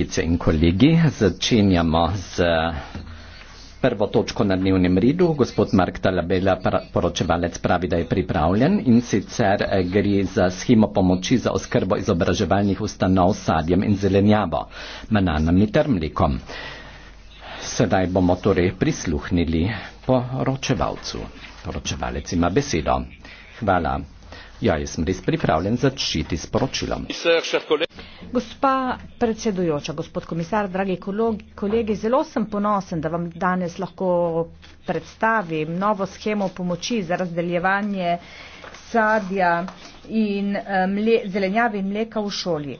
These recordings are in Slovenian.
kolegice in kolegi. Začenjamo z eh, prvo točko na dnevnem redu. Gospod Mark Talabela, poročevalec, pravi, da je pripravljen in sicer eh, gre za schemo pomoči za oskrbo izobraževalnih ustanov s sadjem in zelenjavo, bananami ter mlekom. Sedaj bomo torej prisluhnili poročevalcu. Poročevalec ima besedo. Hvala. Ja, jaz sem res pripravljen začeti s poročilom. Gospa predsedujoča, gospod komisar, dragi kolegi, zelo sem ponosen, da vam danes lahko predstavim novo schemo pomoči za razdeljevanje sadja in eh, mle, zelenjavi mleka v šoli.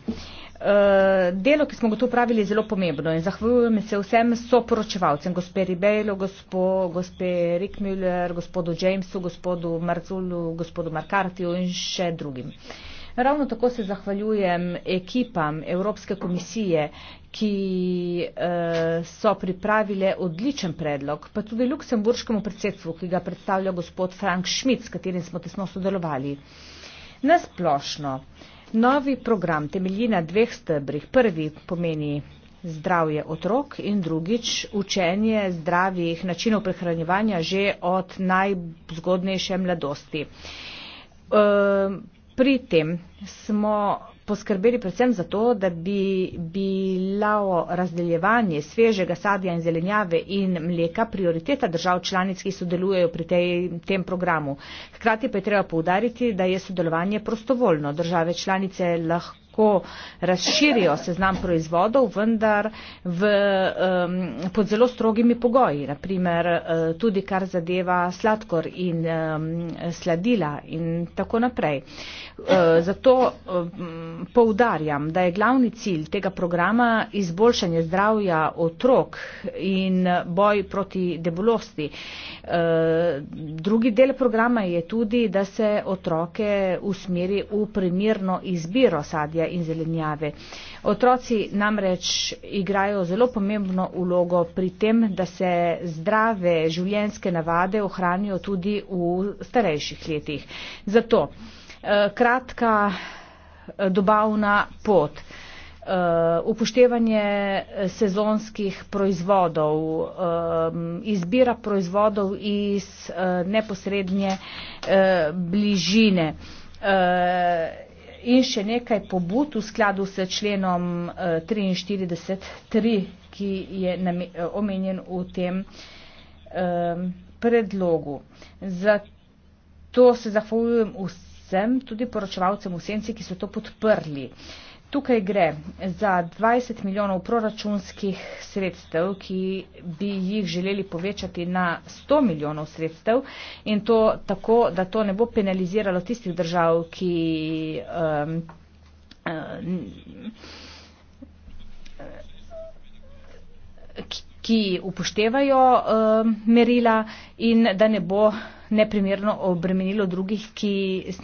Eh, delo, ki smo ga tu upravili, je zelo pomembno in zahvaljujem se vsem soporočevalcem, gospe Ribejlo, gospe Rickmüller, gospodu Jamesu, gospodu Marzulu, gospodu Markartiju in še drugim. Ravno tako se zahvaljujem ekipam Evropske komisije, ki uh, so pripravile odličen predlog, pa tudi luksemburškemu predsedstvu, ki ga predstavlja gospod Frank Schmidt, s katerim smo tesno sodelovali. Nasplošno. Uh, Novi program temelji na dveh stebrih. Prvi pomeni zdravje otrok in drugič učenje zdravih načinov prehranjevanja že od najzgodnejše mladosti. Ehm, pri tem smo poskrbeli predvsem za to, da bi bilo razdeljevanje svežega sadja in zelenjave in mleka prioriteta držav članic, ki sodelujejo pri tej, tem programu. Hkrati pa je treba poudariti, da je sodelovanje prostovoljno. Države članice lahko razširijo seznam proizvodov, vendar v, um, pod zelo strogimi pogoji. Naprimer, eh, tudi kar zadeva sladkor in um, sladila in tako naprej. Uh, Eh, zato eh, poudarjam, da je glavni cilj tega programa izboljšanje zdravja otrok in eh, boj proti debolosti. Drugi del programa je tudi, da se otroke usmeri v primirno izbiro sadja in zelenjave. Otroci namreč igrajo zelo pomembno ulogo pri tem, da se zdrave življenjske navade ohranijo tudi v starejših letih. Zato Eh, kratka eh, dobavna pot, eh, upoštevanje sezonskih proizvodov, izbira proizvodov iz neposrednje bližine in še nekaj pobud v skladu s členom 43.3, ki je omenjen v tem predlogu. Zato se zahvaljujem vsem predvsem tudi poročevalcem v senci, ki so to podprli. Tukaj gre za 20 milijonov proračunskih sredstev, ki bi jih želeli povečati na 100 milijonov sredstev in to tako, da to ne bo penaliziralo tistih držav, ki. Um, um, ki upoštevajo uh, merila in da ne bo neprimerno obremenilo drugih, ki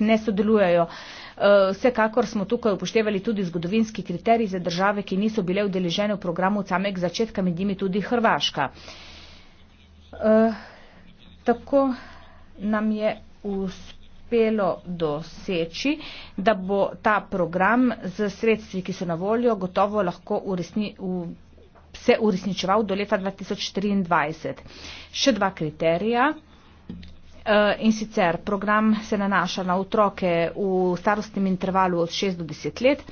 ne sodelujejo. Eh, vsekakor smo tukaj upoštevali tudi zgodovinski kriterij za države, ki niso bile vdeležene v programu od samega začetka, med njimi tudi Hrvaška. Eh, tako nam je uspelo doseči, da bo ta program z sredstvi, ki so na voljo, gotovo lahko uresni, se uresničeval do leta 2023. Še dva kriterija. Eh, in sicer program se nanaša na otroke v starostnem intervalu od 6 do 10 let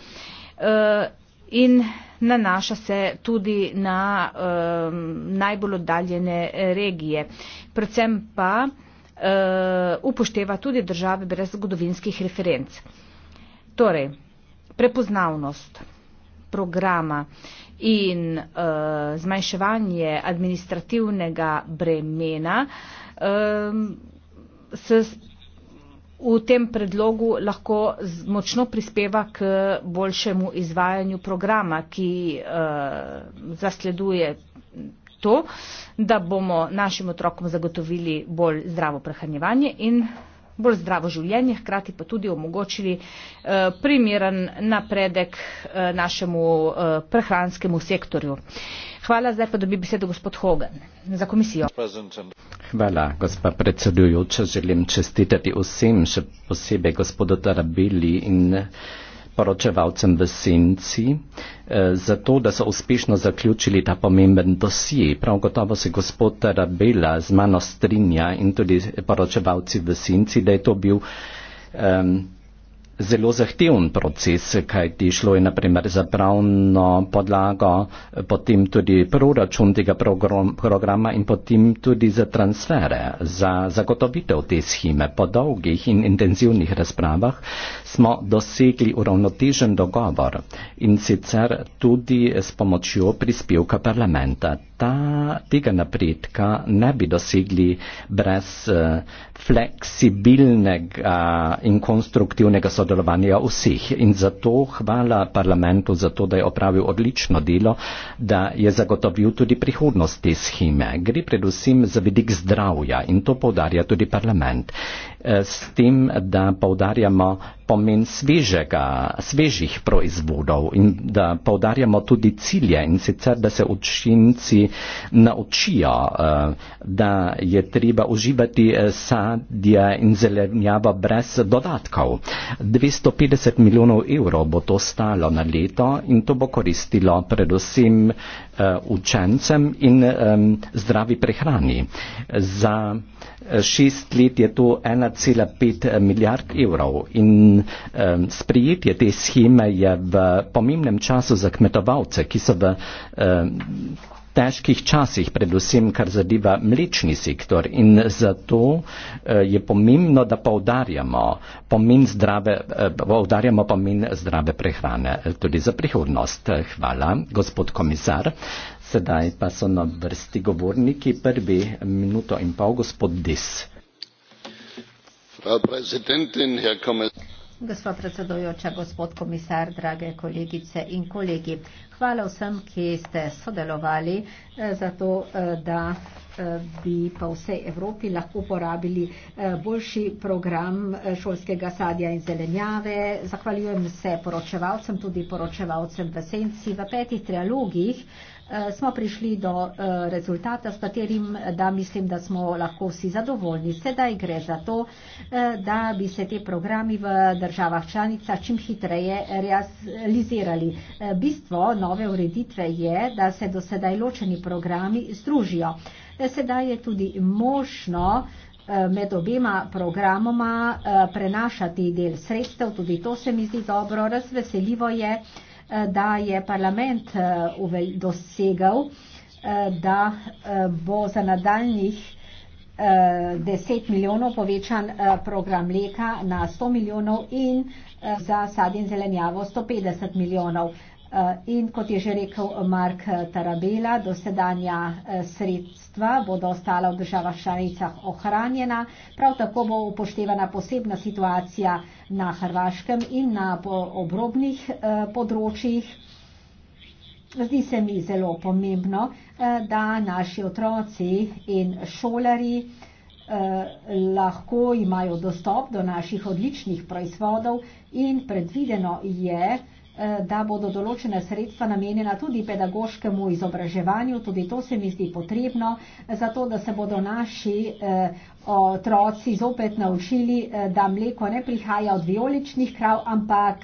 eh, in nanaša se tudi na eh, najbolj oddaljene regije. Predvsem pa upošteva tudi države brez zgodovinskih referenc. Torej, prepoznavnost programa. Uh, in uh, zmanjševanje administrativnega bremena um, ehm, se v tem predlogu lahko močno prispeva k boljšemu izvajanju programa, ki uh, zasleduje to, da bomo našim otrokom zagotovili bolj zdravo prehranjevanje in bolj zdravo življenje, hkrati pa tudi omogočili eh, primeren napredek eh, našemu eh, prehranskemu sektorju. Hvala, zdaj pa dobi besedo gospod Hogan za komisijo. Hvala, gospa predsedujoča. Želim čestitati vsem, še posebej gospodu Tarabili in poročevalcem v senci, eh, zato da so uspešno zaključili ta pomemben dosje. Prav gotovo se gospod Rabela z mano strinja in tudi poročevalci v senci, da je to bil. Um, zelo zahteven proces, kaj ti šlo je naprimer za pravno podlago, potem tudi proračun tega program, programa in potem tudi za transfere, za zagotovitev te scheme. Po dolgih in intenzivnih razpravah smo dosegli uravnotežen dogovor in sicer tudi s pomočjo prispevka parlamenta. Ta, tega napredka ne bi dosegli brez uh, fleksibilnega in konstruktivnega sodelovanja sodelovanja vseh. In zato hvala parlamentu za to, da je opravil odlično delo, da je zagotovil tudi prihodnost te scheme. Gre predvsem za vidik zdravja in to povdarja tudi parlament. Eh, s tem, da povdarjamo pomen svežega, svežih proizvodov in da povdarjamo tudi cilje in sicer, da se učinci naučijo, eh, da je treba uživati eh, sadje in zelenjavo brez dodatkov. 250 milijonov evrov bo to stalo na leto in to bo koristilo predvsem učencem in zdravi prehrani. Za šest let je to 1,5 eh, milijard evrov in um, sprejetje te scheme je v pomembnem času za kmetovalce, ki so v um, težkih časih, predvsem kar zadeva mlečni sektor in zato uh, je pomembno, da poudarjamo pomen zdrave, uh, poudarjamo pomen zdrave prehrane tudi za prihodnost. Hvala, gospod komisar. Sedaj pa so na vrsti govorniki prvi minuto in pol gospod Dis frau präsidentin herr kommissar! Gospa predsedujoča, gospod komisar, drage kolegice in kolegi. Hvala vsem, ki ste sodelovali eh, za to, eh, da bi pa vsej Evropi lahko uporabili eh, boljši program eh, šolskega sadja in zelenjave. Zahvaljujem se poročevalcem, tudi poročevalcem v senci. V petih trialogih eh, smo prišli do rezultata, s katerim, da mislim, da smo lahko vsi zadovoljni. Sedaj gre za to, da bi se te programi v državah članicah čim hitreje realizirali. Bistvo nove ureditve je, da se do sedaj ločeni programi združijo. E, sedaj je tudi možno e, med obema programoma e, prenašati del sredstev, tudi to se mi zdi dobro, razveseljivo je, da je parlament dosegal, da bo za nadaljnih 10 milijonov povečan program leka na 100 milijonov in za sad in zelenjavo 150 milijonov. Eh, in kot je že rekel eh, Mark eh, Tarabela, dosedanja sredstva bodo ostala v državah članicah ohranjena. Prav tako bo upoštevana posebna situacija na Hrvaškem in na obrobnih področjih. Zdi se mi zelo pomembno, da naši otroci in šolari lahko imajo dostop do naših odličnih proizvodov in predvideno je, Eh, da bodo določena sredstva namenjena tudi pedagoškemu izobraževanju, tudi to se mi zdi potrebno, eh, zato da se bodo naši eh, otroci zopet naučili, da mleko ne prihaja od violičnih krav, ampak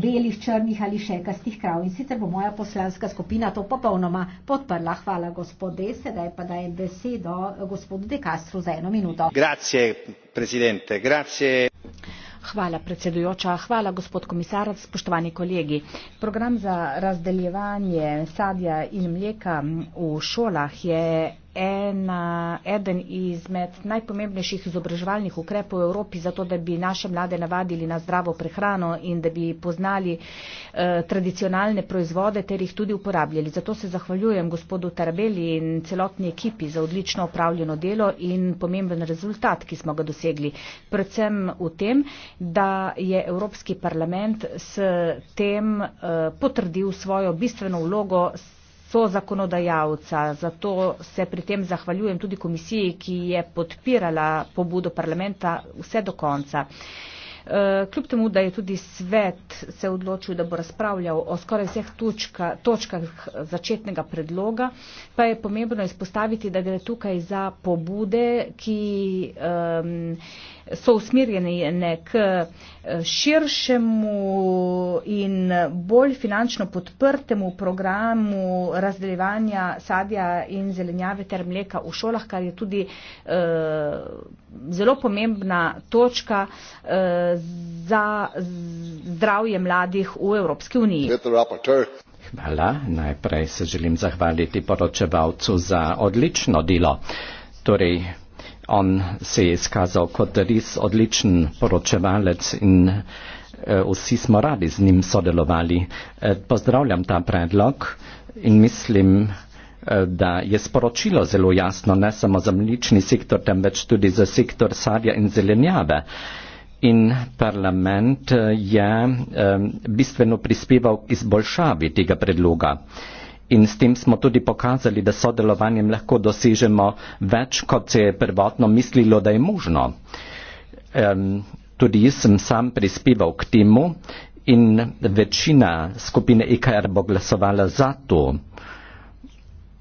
belih, črnih ali šekastih krav. In sicer bo moja poslanska skupina to popolnoma podprla. Hvala gospode, sedaj pa dajem besedo gospodu De Castro za eno minuto. Grazie, Hvala, predsedujoča. Hvala, gospod komisar. Spoštovani kolegi. Program za razdeljevanje sadja in mleka v šolah je ena, eden izmed najpomembnejših izobraževalnih ukrepov v Evropi, zato da bi naše mlade navadili na zdravo prehrano in da bi poznali eh, tradicionalne proizvode ter jih tudi uporabljali. Zato se zahvaljujem gospodu Tarabeli in celotni ekipi za odlično opravljeno delo in pomemben rezultat, ki smo ga dosegli. Predvsem v tem, da je Evropski parlament s tem eh, potrdil svojo bistveno vlogo. S, sozakonodajalca. Zato se pri tem zahvaljujem tudi komisiji, ki je podpirala pobudo parlamenta vse do konca. E, kljub temu, da je tudi svet se odločil, da bo razpravljal o skoraj vseh točka, točkah začetnega predloga, pa je pomembno izpostaviti, da gre tukaj za pobude, ki. Um, so usmirjeni nek eh, širšemu in bolj finančno podprtemu programu razdeljevanja sadja in zelenjave ter mleka v šolah, kar je tudi eh, zelo pomembna točka eh, za zdravje mladih v Evropski uniji. Hvala. Najprej se želim zahvaliti poročevalcu za odlično delo. Torej, on se je izkazal kot res odličen poročevalec in eh, vsi smo radi z njim sodelovali. Eh, pozdravljam ta predlog in mislim, eh, da je sporočilo zelo jasno, ne samo za mlični sektor, temveč tudi za sektor sadja in zelenjave. In parlament je bistveno prispeval k izboljšavi tega predloga in s tem smo tudi pokazali, da sodelovanjem lahko dosežemo več, kot se je prvotno mislilo, da je možno. Um, tudi jaz sem sam prispeval k temu in večina skupine IKR bo glasovala za to.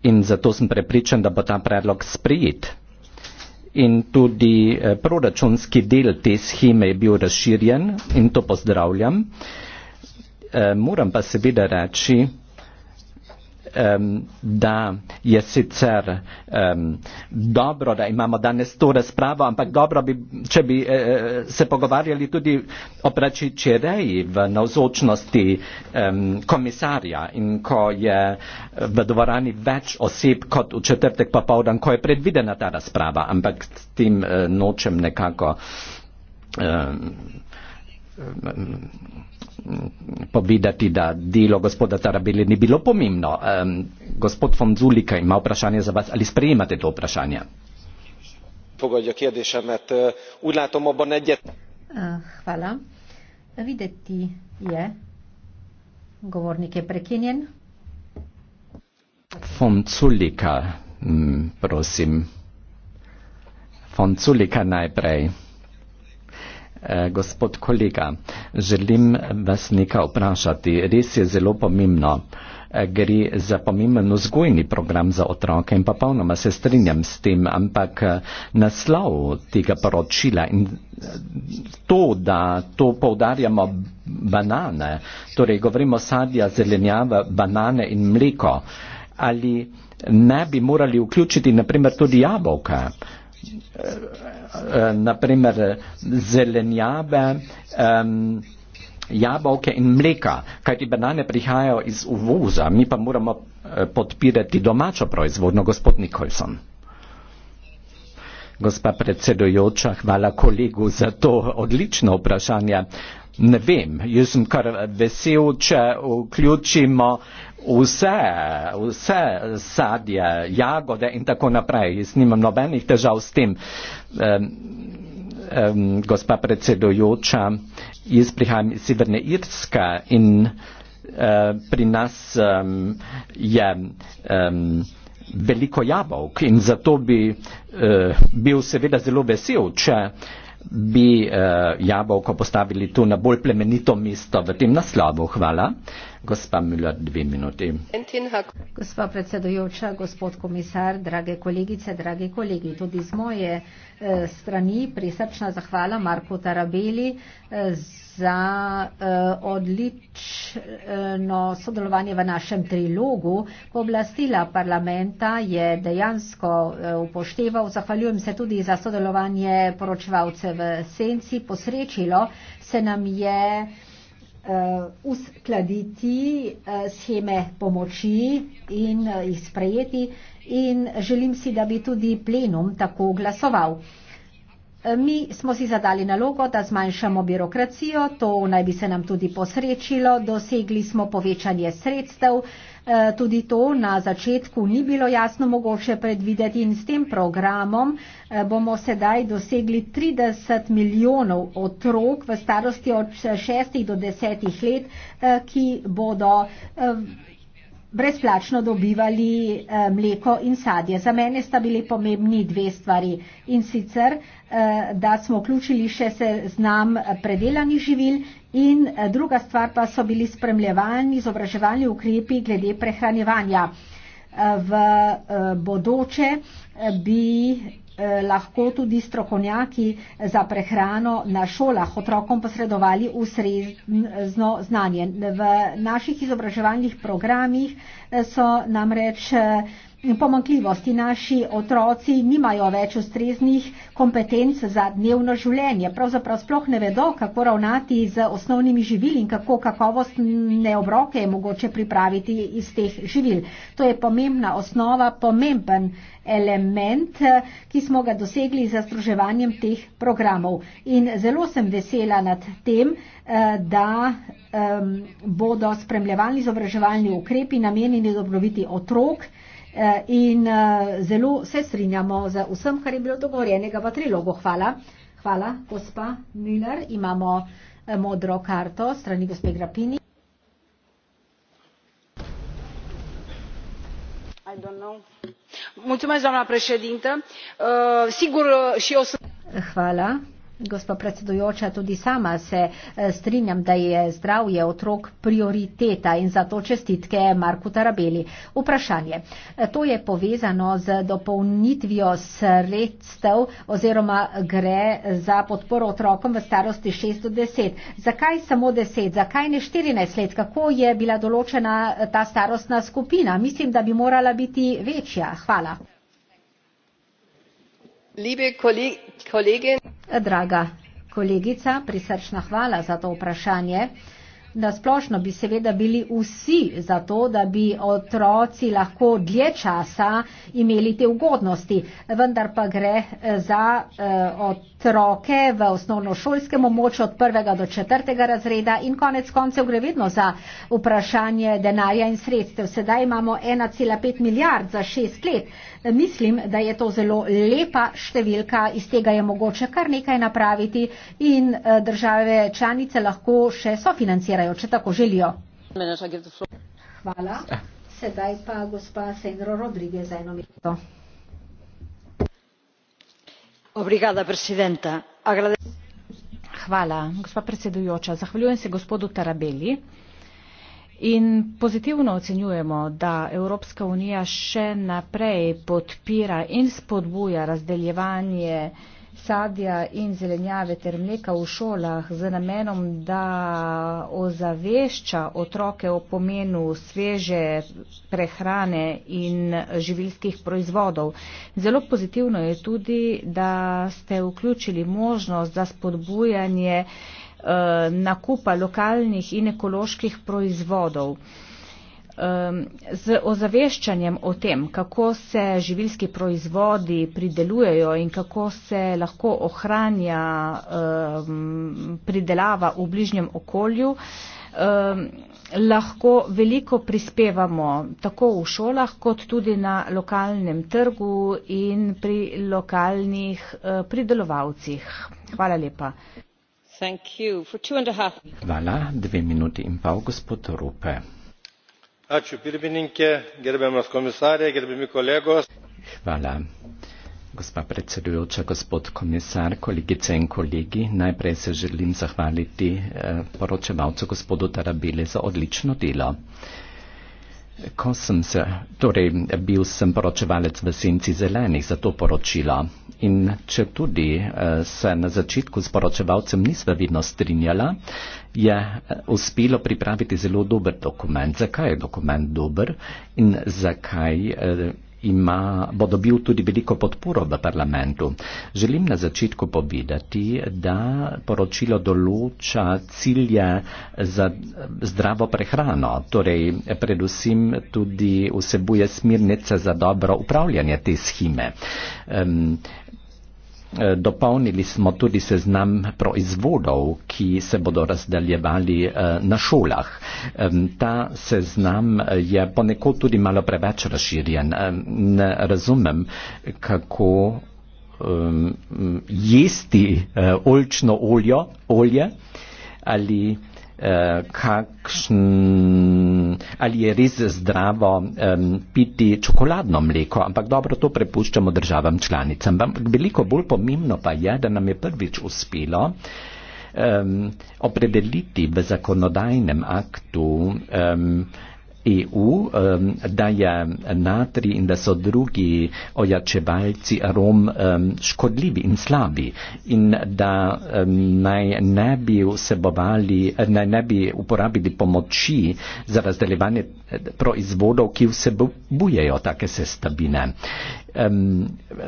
In zato sem prepričan, da bo ta predlog sprejet. In tudi eh, proračunski del te scheme je bil razširjen in to pozdravljam. Eh, moram pa seveda reči, da je sicer dobro, da imamo danes to razpravo, ampak dobro bi, če bi e, e, se pogovarjali tudi o prečičereji v navzočnosti komisarja in ko je v dvorani več oseb kot v četrtek popovdan, ko je predvidena ta razprava, ampak s tem e, nočem nekako povedati, da delo gospoda Tarabeli ni bilo pomembno. Um, gospod von Zulika ima vprašanje za vas, ali sprejemate to vprašanje? Pogodja, kjedešemet, ulatom eh, uh, eh, obonedje. Uh, hvala. Videti je, govornik je prekinjen. Von Zulika, mm, prosim. Von Zulika najprej. Eh, gospod kolega, želim vas nekaj vprašati. Res je zelo pomembno. Eh, gre za pomemben vzgojni program za otroke in pa polnoma se strinjam s tem, ampak eh, naslov tega poročila in to, da to povdarjamo banane, torej govorimo sadja, zelenjava, banane in mleko, ali ne bi morali vključiti naprimer tudi jabolka? Eh, na primer zelenjave, um, jabolke in mleka, kajti banane prihajajo iz uvoza, mi pa moramo eh, podpirati domačo proizvodno, gospod Nikolson. Gospa predsedujoča, hvala kolegu za to odlično vprašanje. Ne vem, jaz sem kar vesel, če vključimo vse, vse sadje, jagode in tako naprej. Jaz nimam nobenih težav s tem. Um, um, gospa predsedujoča, jaz prihajam iz Severne Irske in uh, pri nas um, je um, veliko jabolk in zato bi uh, bil seveda zelo vesel, če uh, bi uh, jabolko postavili tu na bolj plemenito mesto v tem naslovu. Hvala. Gospa Müller, dve minuti. Gospa predsedojoča, gospod komisar, drage kolegice, dragi kolegi, tudi z moje uh, strani prisrčna zahvala Marku Tarabeli uh, z za uh, odlično uh, sodelovanje v našem trilogu. Pooblastila parlamenta je dejansko uh, upošteval. Zahvaljujem se tudi za sodelovanje poročevalce v senci. Posrečilo se nam je uh, uskladiti uh, scheme pomoči in uh, jih sprejeti in želim si, da bi tudi plenum tako glasoval. Uh, Mi smo si zadali nalogo, da zmanjšamo birokracijo, to naj bi se nam tudi posrečilo, dosegli smo povečanje sredstev, eh, tudi to na začetku ni bilo jasno mogoče predvideti in s tem programom eh, bomo sedaj dosegli 30 milijonov otrok v starosti od 6 do 10 let, eh, ki bodo brezplačno dobivali eh, mleko in sadje. Za mene sta bili pomembni dve stvari in sicer, eh, da smo vključili še se znam eh, predelanih živil in druga stvar pa so bili spremljevalni, izobraževalni ukrepi glede prehranjevanja. V bodoče bi Eh, lahko tudi strokovnjaki za prehrano na šolah otrokom posredovali ustrezno znanje. V naših izobraževalnih programih eh, so namreč eh, in pomankljivosti naši otroci nimajo več ustreznih kompetenc za dnevno življenje. Pravzaprav sploh ne vedo, kako ravnati z osnovnimi živili in kako kakovostne obroke je mogoče pripraviti iz teh živil. To je pomembna osnova, pomemben element, ki smo ga dosegli z združevanjem teh programov. In zelo sem vesela nad tem, eh, da bodo spremljevalni izobraževalni ukrepi namenjeni dobrobiti otrok, Eh, in eh, zelo se strinjamo z vsem, kar je bilo dogovorjenega v trilogu. Hvala. Hvala, gospa Miller. Imamo eh, modro karto strani gospe Grapini. Mulțumesc, doamna președintă. Uh, sigur, uh, și eu sunt. Hvala. Gospa predsedujoča, tudi sama se eh, strinjam, da je zdravje otrok prioriteta in zato čestitke Marku Tarabeli. Vprašanje. Eh, to je povezano z dopolnitvijo sredstev oziroma gre za podporo otrokom v starosti 6 do 10. Zakaj samo 10? Zakaj ne 14 let? Kako je bila določena eh, ta starostna skupina? Mislim, da bi morala biti večja. Hvala. Draga kolegica, prisrčna hvala za to vprašanje. Na splošno bi seveda bili vsi za to, da bi otroci lahko dlje časa imeli te ugodnosti, vendar pa gre eh, za eh, otroke v osnovnošolskem območju od prvega do četrtega razreda in konec koncev gre vedno za vprašanje denarja in sredstev. Sedaj imamo 1,5 milijard za šest let, mislim, da je to zelo lepa številka, iz tega je mogoče kar nekaj napraviti in eh, države članice lahko še sofinancirajo, če tako želijo. Hvala. Eh. Sedaj pa gospa Sendro Rodrige za eno minuto. Obrigada, presidenta. Agrade... Hvala, gospa predsedujoča. Zahvaljujem se gospodu Tarabeli. In pozitivno ocenjujemo, da Evropska unija še naprej podpira in spodbuja razdeljevanje sadja in zelenjave ter mleka v šolah z namenom, da ozavešča otroke o pomenu sveže prehrane in živilskih proizvodov. Zelo pozitivno je tudi, da ste vključili možnost za spodbujanje eh, Eh, nakupa lokalnih in ekoloških proizvodov. Z ozaveščanjem o tem, kako se živilski proizvodi pridelujejo in kako se lahko ohranja pridelava v bližnjem okolju, lahko veliko prispevamo tako v šolah, kot tudi na lokalnem trgu in pri lokalnih eh, pridelovalcih. Hvala lepa hvala dve minuti in pol gospod rupel ačiū pirmininke gerbiamas komisare gerbiami kolegos hvala gospa predsedujoča gospod komisar kolegice in kolegi najprej se želim zahvaliti eh, poročevalcu gospodu tarabili za odlično delo. Ko sem se, torej bil sem poročevalec v senci zelenih za to poročilo in če tudi eh, se na začetku s poročevalcem nisva vidno strinjala, je eh, uspelo pripraviti zelo dober dokument. Zakaj je dokument dober in zakaj eh, ima, bo dobil tudi veliko podporo v parlamentu. Želim na začetku povedati, da poročilo določa cilje za zdravo prehrano, torej predvsem tudi vsebuje smirnice za dobro upravljanje te schime. Um, Eh, dopolnili smo tudi seznam proizvodov, ki se bodo razdeljevali eh, na šolah. Ta seznam eh, je ponekod tudi malo preveč razširjen. Ne razumem, kako jesti oljčno olje ali Eh, kakšen ali je res zdravo um, piti čokoladno mleko, ampak dobro, to prepuščamo državam članicam. Ampak veliko bolj pomembno pa je, da nam je prvič uspelo um, opredeliti v zakonodajnem aktu um, EU, da je natri in da so drugi ojačevalci arom škodljivi in slabi in da naj ne bi vsebovali, naj ne bi uporabili pomoči za razdeljevanje eh, proizvodov, ki vsebujejo take sestavine.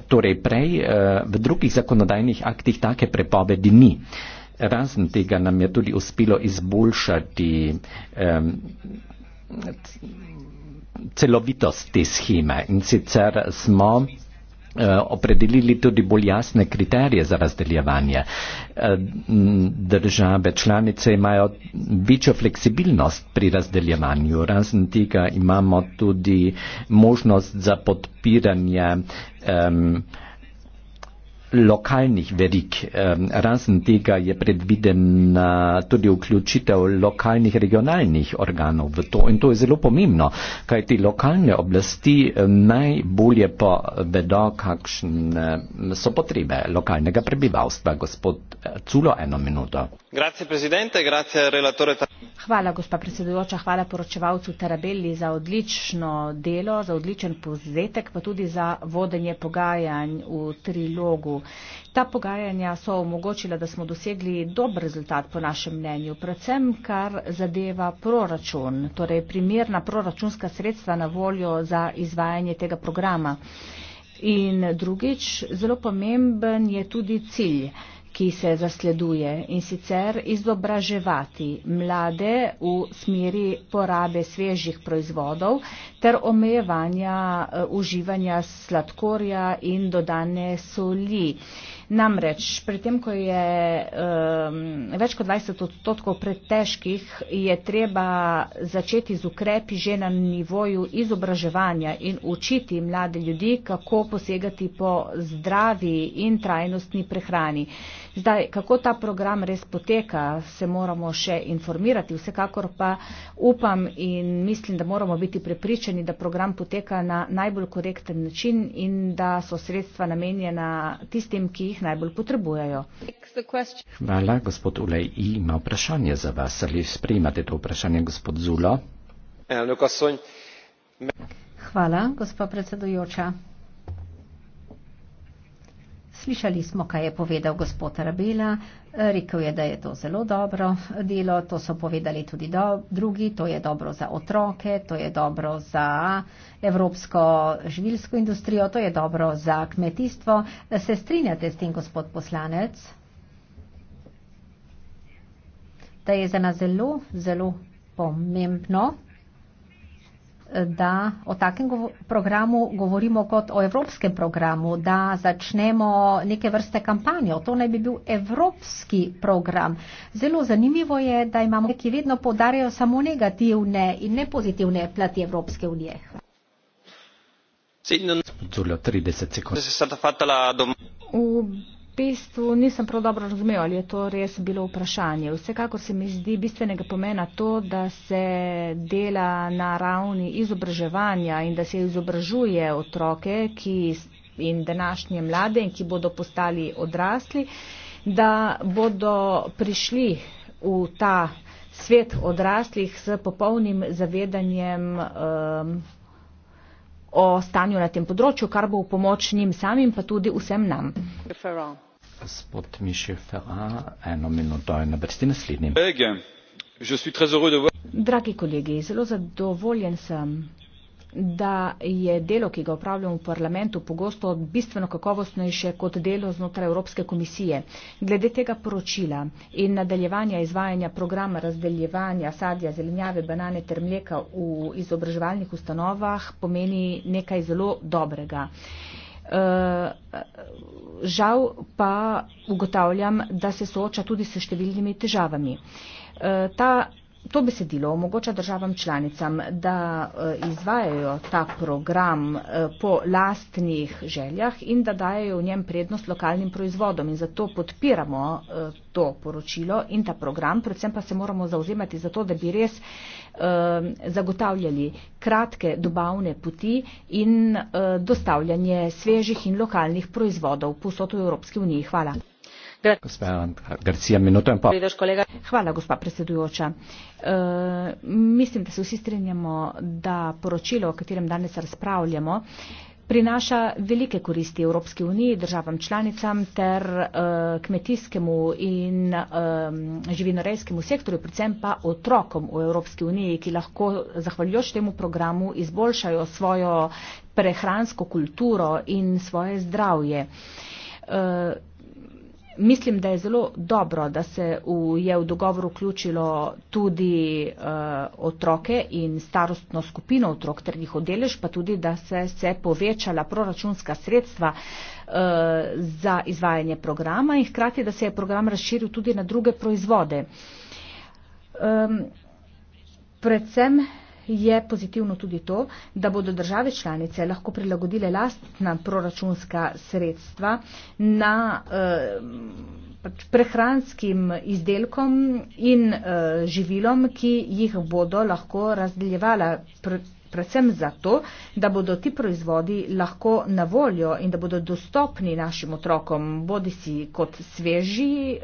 Torej prej eh, v drugih zakonodajnih aktih take prepovedi ni. Razen tega nam je tudi uspelo izboljšati celovitost te scheme in sicer smo eh, opredelili tudi bolj jasne kriterije za razdeljevanje. Eh, države članice imajo večjo fleksibilnost pri razdeljevanju, razen tega imamo tudi možnost za podpiranje um, lokalnih verik. Razen tega je predviden tudi vključitev lokalnih regionalnih organov v to in to je zelo pomembno, kaj ti lokalne oblasti najbolje pa vedo, kakšne so potrebe lokalnega prebivalstva. Gospod eh, Culo, eno minuto. Hvala, gospa predsedujoča, hvala poročevalcu Tarabelli za odlično delo, za odličen povzetek, pa tudi za vodenje pogajanj v trilogu Ta pogajanja so omogočila, da smo dosegli dober rezultat po našem mnenju, predvsem kar zadeva proračun, torej primerna proračunska sredstva na voljo za izvajanje tega programa. In drugič, zelo pomemben je tudi cilj ki se zasleduje in sicer izobraževati mlade v smeri porabe svežih proizvodov ter omejevanja eh, uživanja sladkorja in dodane soli. Namreč, pri tem, ko je um, več kot 20 odstotkov pretežkih, je treba začeti z ukrepi že na nivoju izobraževanja in učiti mlade ljudi, kako posegati po zdravi in trajnostni prehrani. Zdaj, kako ta program res poteka, se moramo še informirati. Vsekakor pa upam in mislim, da moramo biti prepričani, da program poteka na najbolj korekten način in da so sredstva namenjena tistim, ki jih najbolj potrebujejo. Hvala, gospod Ulej. I ima vprašanje za vas. Ali sprejmate to vprašanje, gospod Zulo? Hvala, gospod predsedujoča. Slišali smo, kaj je povedal gospod Rabela. Rekl je, da je to zelo dobro delo. To so povedali tudi do, drugi. To je dobro za otroke, to je dobro za evropsko živilsko industrijo, to je dobro za kmetijstvo. Se strinjate s tem, gospod poslanec? Da je za nas zelo, zelo pomembno da o takem govo programu govorimo kot o evropskem programu, da začnemo neke vrste kampanjo. To naj bi bil evropski program. Zelo zanimivo je, da imamo, ki vedno podarjajo samo negativne in nepozitivne plati Evropske unije. Zulja, 30 sekund bistvu nisem prav dobro razumel, ali je to res bilo vprašanje. Vsekakor se mi zdi bistvenega pomena to, da se dela na ravni izobraževanja in da se izobražuje otroke ki, in današnje mlade, in ki bodo postali odrasli, da bodo prišli v ta svet odraslih s popolnim zavedanjem. Um, o stanju na tem področju, kar bo v pomoč njim samim, pa tudi vsem nam. Ferran. Gospod Mišel Ferra, eno minuto in nabrsti naslednji. Dragi kolegi, zelo zadovoljen sem, da je delo, ki ga upravljam v parlamentu, pogosto bistveno kakovostnejše kot delo znotraj Evropske komisije. Glede tega poročila in nadaljevanja izvajanja programa razdeljevanja sadja, zelenjave, banane ter mleka v izobraževalnih ustanovah pomeni nekaj zelo dobrega. Uh, žal pa ugotavljam, da se sooča tudi s številnimi težavami. Uh, ta To besedilo omogoča državam članicam, da eh, izvajajo ta program eh, po lastnih željah in da dajo v njem prednost lokalnim proizvodom. In zato podpiramo eh, to poročilo in ta program, predvsem pa se moramo zauzemati za to, da bi res zagotavljali kratke dobavne poti in dostavljanje svežih in lokalnih proizvodov po sotu Evropske unije. Hvala. Hvala, gospa predsedujoča. E, mislim, da se vsi strinjamo, da poročilo, o katerem danes razpravljamo, prinaša velike koristi Evropski uniji, državam članicam ter e, kmetijskemu in e, živinorejskemu sektorju, predvsem pa otrokom v Evropski uniji, ki lahko zahvaljujoč temu programu izboljšajo svojo prehransko kulturo in svoje zdravje. E, mislim, da je zelo dobro, da se v, je v dogovor vključilo tudi uh, otroke in starostno skupino otrok ter njihov delež, pa tudi, da se je povečala proračunska sredstva uh, za izvajanje programa in hkrati, da se je program razširil tudi na druge proizvode. Um, predvsem je pozitivno tudi to, da bodo države članice lahko prilagodile lastna proračunska sredstva na eh, pač prehranskim izdelkom in eh, živilom, ki jih bodo lahko razdeljevala. Pr predvsem zato, da bodo ti proizvodi lahko na voljo in da bodo dostopni našim otrokom, bodi si kot sveži eh,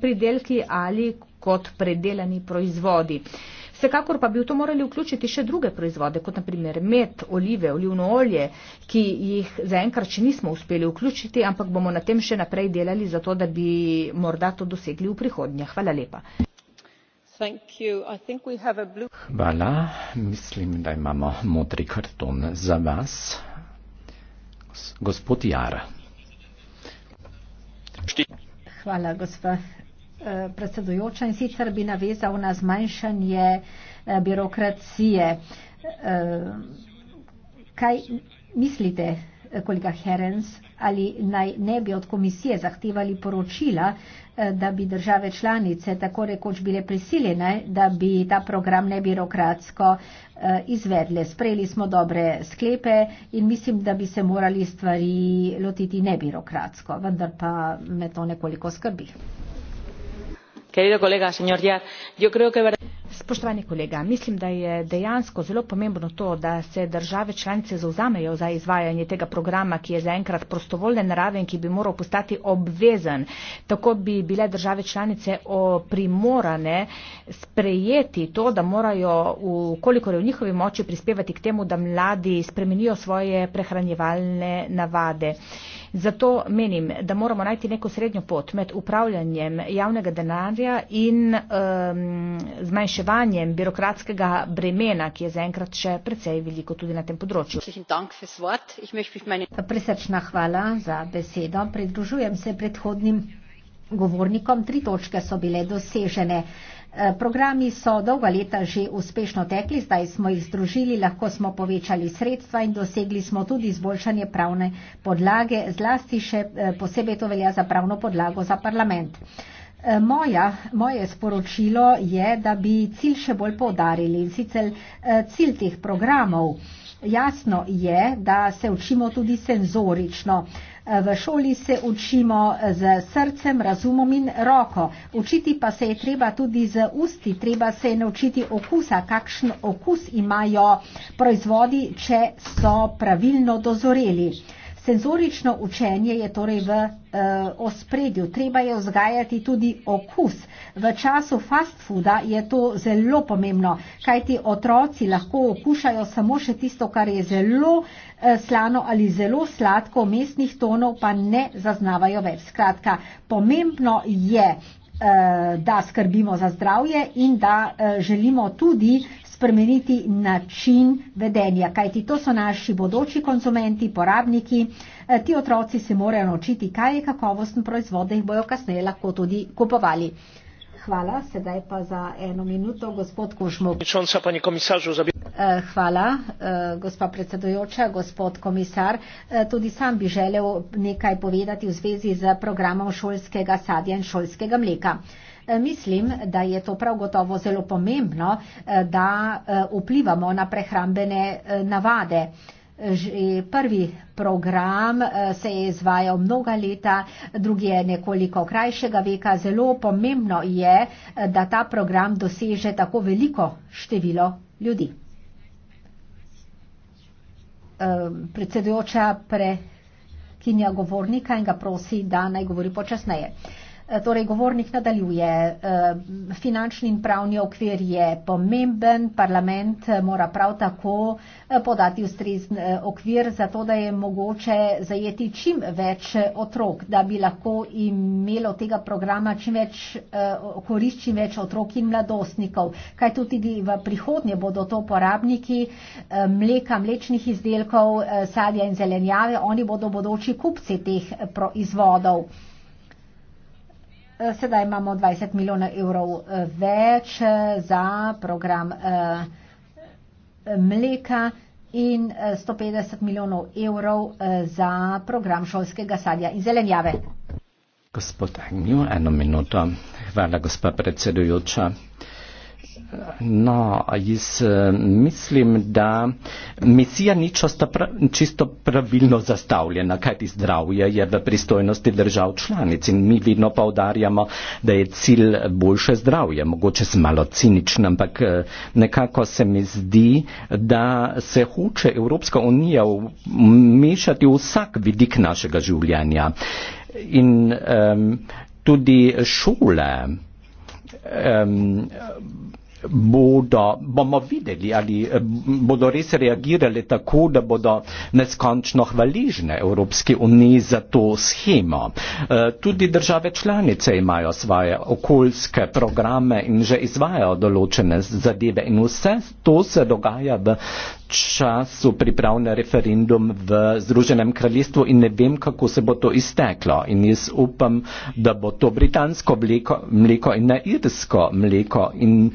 pridelki ali kot predelani proizvodi. Eh, Vsekakor pa bi v to morali vključiti še druge proizvode, kot naprimer med, olive, olivno olje, ki jih zaenkrat še nismo uspeli vključiti, ampak bomo na tem še naprej delali, zato da bi morda to dosegli v prihodnje. Hvala lepa. Hvala. Mislim, da imamo modri karton za vas. Gospod Jara. Hvala, gospod predsedujoča in sicer bi navezal na zmanjšanje eh, birokracije. Eh, kaj mislite, eh, kolega Herens, ali naj ne bi od komisije zahtevali poročila, da bi države članice tako rekoč bile prisiljene, da bi ta program ne birokratsko izvedle? Sprejeli smo dobre sklepe in mislim, da bi se morali stvari lotiti ne birokratsko, vendar pa me to nekoliko skrbi spoštovani kolega mislim da je dejansko zelo pomembno to da se države članice zavzamejo za izvajanje tega programa ki je zaenkrat prostovoljne narave in ki bi moral postati obvezen tako bi bile države članice primorane sprejeti to da morajo v kolikor je v njihovi moči prispevati k temu da mladi spremenijo svoje prehranjevalne navade. Zato menim, da moramo najti neko srednjo pot med upravljanjem javnega denarja in um, zmanjševanjem birokratskega bremena, ki je zaenkrat še precej veliko tudi na tem področju. Presrčna hvala za besedo. Pridružujem se predhodnim govornikom. Tri točke so bile dosežene. Eh, programi so dolga leta že uspešno tekli, zdaj smo jih združili, lahko smo povečali sredstva in dosegli smo tudi izboljšanje pravne podlage, zlasti še eh, posebej to velja za pravno podlago za parlament. Eh, moja, moje sporočilo je, da bi cilj še bolj povdarili in sicer cilj teh programov. Jasno je, da se učimo tudi senzorično. V šoli se učimo z srcem, razumom in roko. Učiti pa se je treba tudi z usti, treba se je naučiti okusa, kakšen okus imajo proizvodi, če so pravilno dozoreli. Senzorično učenje je torej v uh, ospredju, treba je vzgajati tudi okus. V času fast fooda je to zelo pomembno, kajti otroci lahko okušajo samo še tisto, kar je zelo uh, slano ali zelo sladko, mestnih tonov pa ne zaznavajo več. Skratka, pomembno je, uh, da skrbimo za zdravje in da uh, želimo tudi spremeniti način vedenja, kajti to so naši bodoči konsumenti, porabniki, eh, ti otroci se morajo naučiti, kaj je kakovosten proizvod, da jih bojo kasneje lahko tudi kupovali. Hvala, sedaj pa za eno minuto, gospod Kušmo. Eh, hvala, eh, gospa predsedujoča, gospod komisar. Tudi sam bi želel nekaj povedati v zvezi z programom šolskega sadja in šolskega mleka. Eh, mislim, da je to prav gotovo zelo pomembno, eh, da eh, vplivamo na prehrambene navade. Že prvi program se je izvajal mnoga leta, drugi je nekoliko krajšega veka. Zelo pomembno je, da ta program doseže tako veliko število ljudi. Predsedujoča prekinja govornika in ga prosi, da naj govori počasneje. Eh, torej, govornik nadaljuje, eh, finančni in pravni okvir je pomemben, parlament eh, mora prav tako podati ustrezen okvir za to, da je mogoče zajeti čim več otrok, da bi lahko imelo tega programa čim več korist, čim več otrok in mladostnikov. Kaj tudi v prihodnje bodo to porabniki mleka, mlečnih izdelkov, sadja in zelenjave, oni bodo bodoči kupci teh proizvodov. Eh, sedaj imamo 20 milijonov evrov eh, več eh, za program mleka in 150 milijonov evrov za program šolskega sadja in zelenjave. Gospod Agnjo, eno minuto. Hvala, gospa predsedujoča. No, jaz e, mislim, da misija ni pra, čisto pravilno zastavljena, kajti zdravje je v pristojnosti držav članic in mi vedno povdarjamo, da je cilj boljše zdravje. Mogoče sem malo ciničen, ampak e, nekako se mi zdi, da se hoče Evropska unija vmešati v vsak vidik našega življenja. In um, tudi šole. Um, bodo, bomo videli, ali eh, bodo res reagirali tako, da bodo neskončno hvaližne Evropski uniji za to schemo. Eh, tudi države članice imajo svoje okoljske programe in že izvajajo določene zadeve in vse to se dogaja v času priprav na referendum v Združenem kraljestvu in ne vem, kako se bo to izteklo. In jaz upam, da bo to britansko mleko, mleko in ne irsko mleko in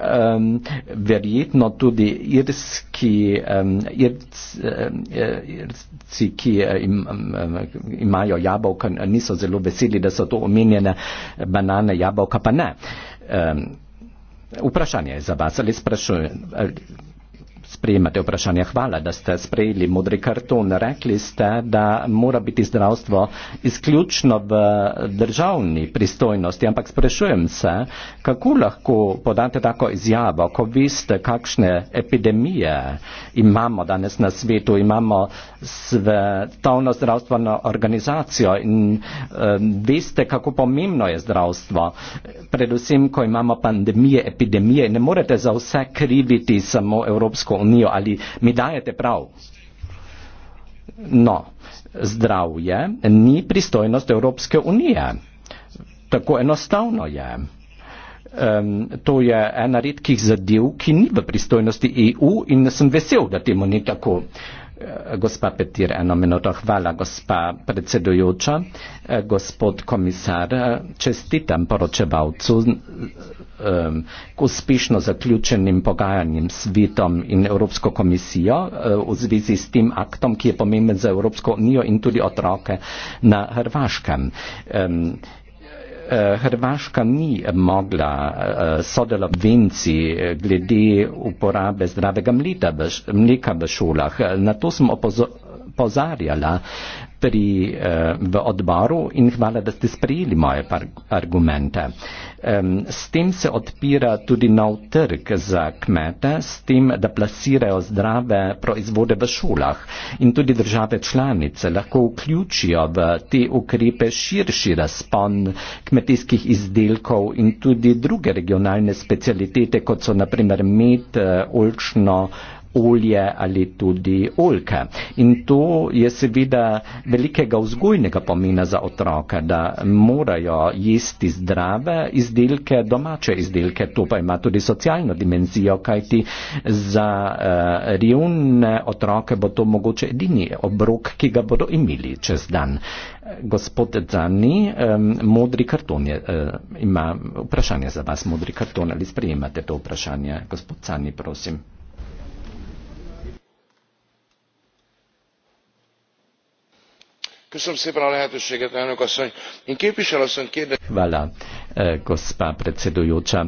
um, verjetno tudi irski, um, irc, um, irci, ki im, um, imajo jabolka, niso zelo veseli, da so to omenjene banane, jabolka pa ne. Um, vprašanje je za vas, ali sprašujem. Ali, sprejemate vprašanje. Hvala, da ste sprejeli modri karton. Rekli ste, da mora biti zdravstvo izključno v državni pristojnosti, ampak sprašujem se, kako lahko podate tako izjavo, ko viste, kakšne epidemije imamo danes na svetu, imamo svetovno zdravstveno organizacijo in um, viste, kako pomembno je zdravstvo, predvsem, ko imamo pandemije, epidemije in ne morete za vse kriviti samo Evropsko unijo umijo, ali mi dajete prav. No, zdravje ni pristojnost Evropske unije. Tako enostavno je. Um, to je ena redkih zadev, ki ni v pristojnosti EU in sem vesel, da temu ni tako. Uh, gospa Petir, eno minuto, hvala gospa predsedujoča, gospod komisar, čestitam poročevalcu k uspešno zaključenim pogajanjem s Vitom in Evropsko komisijo v zvezi s tem aktom, ki je pomemben za Evropsko unijo in tudi otroke na Hrvaškem. Eh, Hrvaška ni mogla eh, sodelovati venci eh, glede uporabe zdravega mleka v šolah. Na to sem opozorila pri, eh, v odboru in hvala, da ste sprejeli moje argumente. Eh, s tem se odpira tudi nov trg za kmete, s tem, da plasirajo zdrave proizvode v šolah in tudi države članice lahko vključijo v te ukrepe širši razpon kmetijskih izdelkov in tudi druge regionalne specialitete, kot so naprimer med, eh, olčno, eh, olje ali tudi oljke. In to je seveda velikega vzgojnega pomena za otroka, da morajo jesti zdrave izdelke, domače izdelke. To pa ima tudi socialno dimenzijo, kajti za uh, revne otroke bo to mogoče edini obrok, ki ga bodo imeli čez dan. Gospod Zani, um, modri karton je, uh, ima vprašanje za vas, modri karton ali sprejemate to vprašanje? Gospod Zani, prosim. Eh, gospa predsedujoča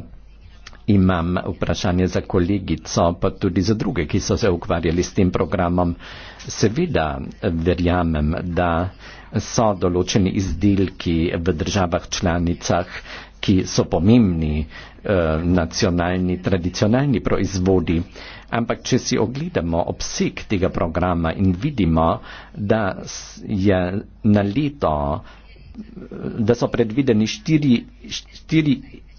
imam vprašanje za kolegico pa tudi za druge ki so se ukvarjali s tem programom seveda eh, verjamem da so določeni izdelki v državah članicah ki so pomembni eh, nacionalni tradicionalni proizvodi eh, Ampak, če si ogledamo obseg tega programa in vidimo, da je na leto, da so predvideni 4, 4,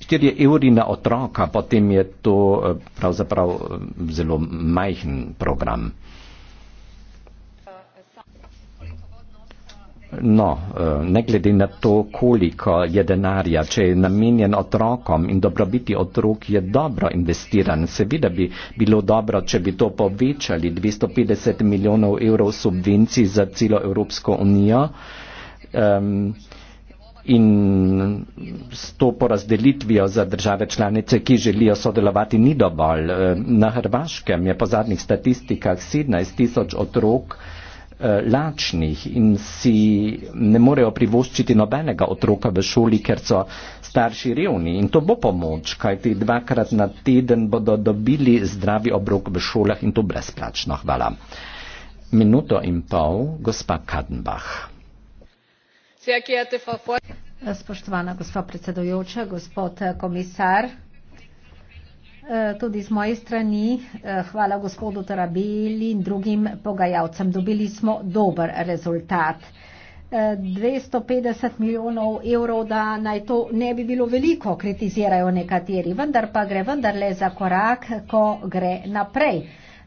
4 evri na otroka, potem je to eh, pravzaprav eh, zelo majhen program. No, eh, ne glede na to, koliko je denarja, če je namenjen otrokom in dobrobiti otrok je dobro investiran. Seveda bi bilo dobro, če bi to povečali 250 milijonov evrov subvencij za celo Evropsko unijo. Um, In s to porazdelitvijo za države članice, ki želijo sodelovati, ni dovolj. Eh, na Hrvaškem je po zadnjih statistikah 17 tisoč otrok, Eh, lačnih in si ne morejo privoščiti nobenega otroka v šoli, ker so starši revni. In to bo pomoč, kajti dvakrat na teden bodo dobili zdravi obrok v šolah in to brezplačno. Hvala. Minuto in pol, gospa Kadenbach. Spoštovana gospa predsedujoča, gospod eh, komisar. Eh, tudi z moje strani eh, hvala gospodu Torabeli in drugim pogajalcem. Dobili smo dober rezultat. 250 eh, milijonov evrov, da naj to ne bi bilo veliko, kritizirajo nekateri, vendar pa gre vendarle za korak, ko gre naprej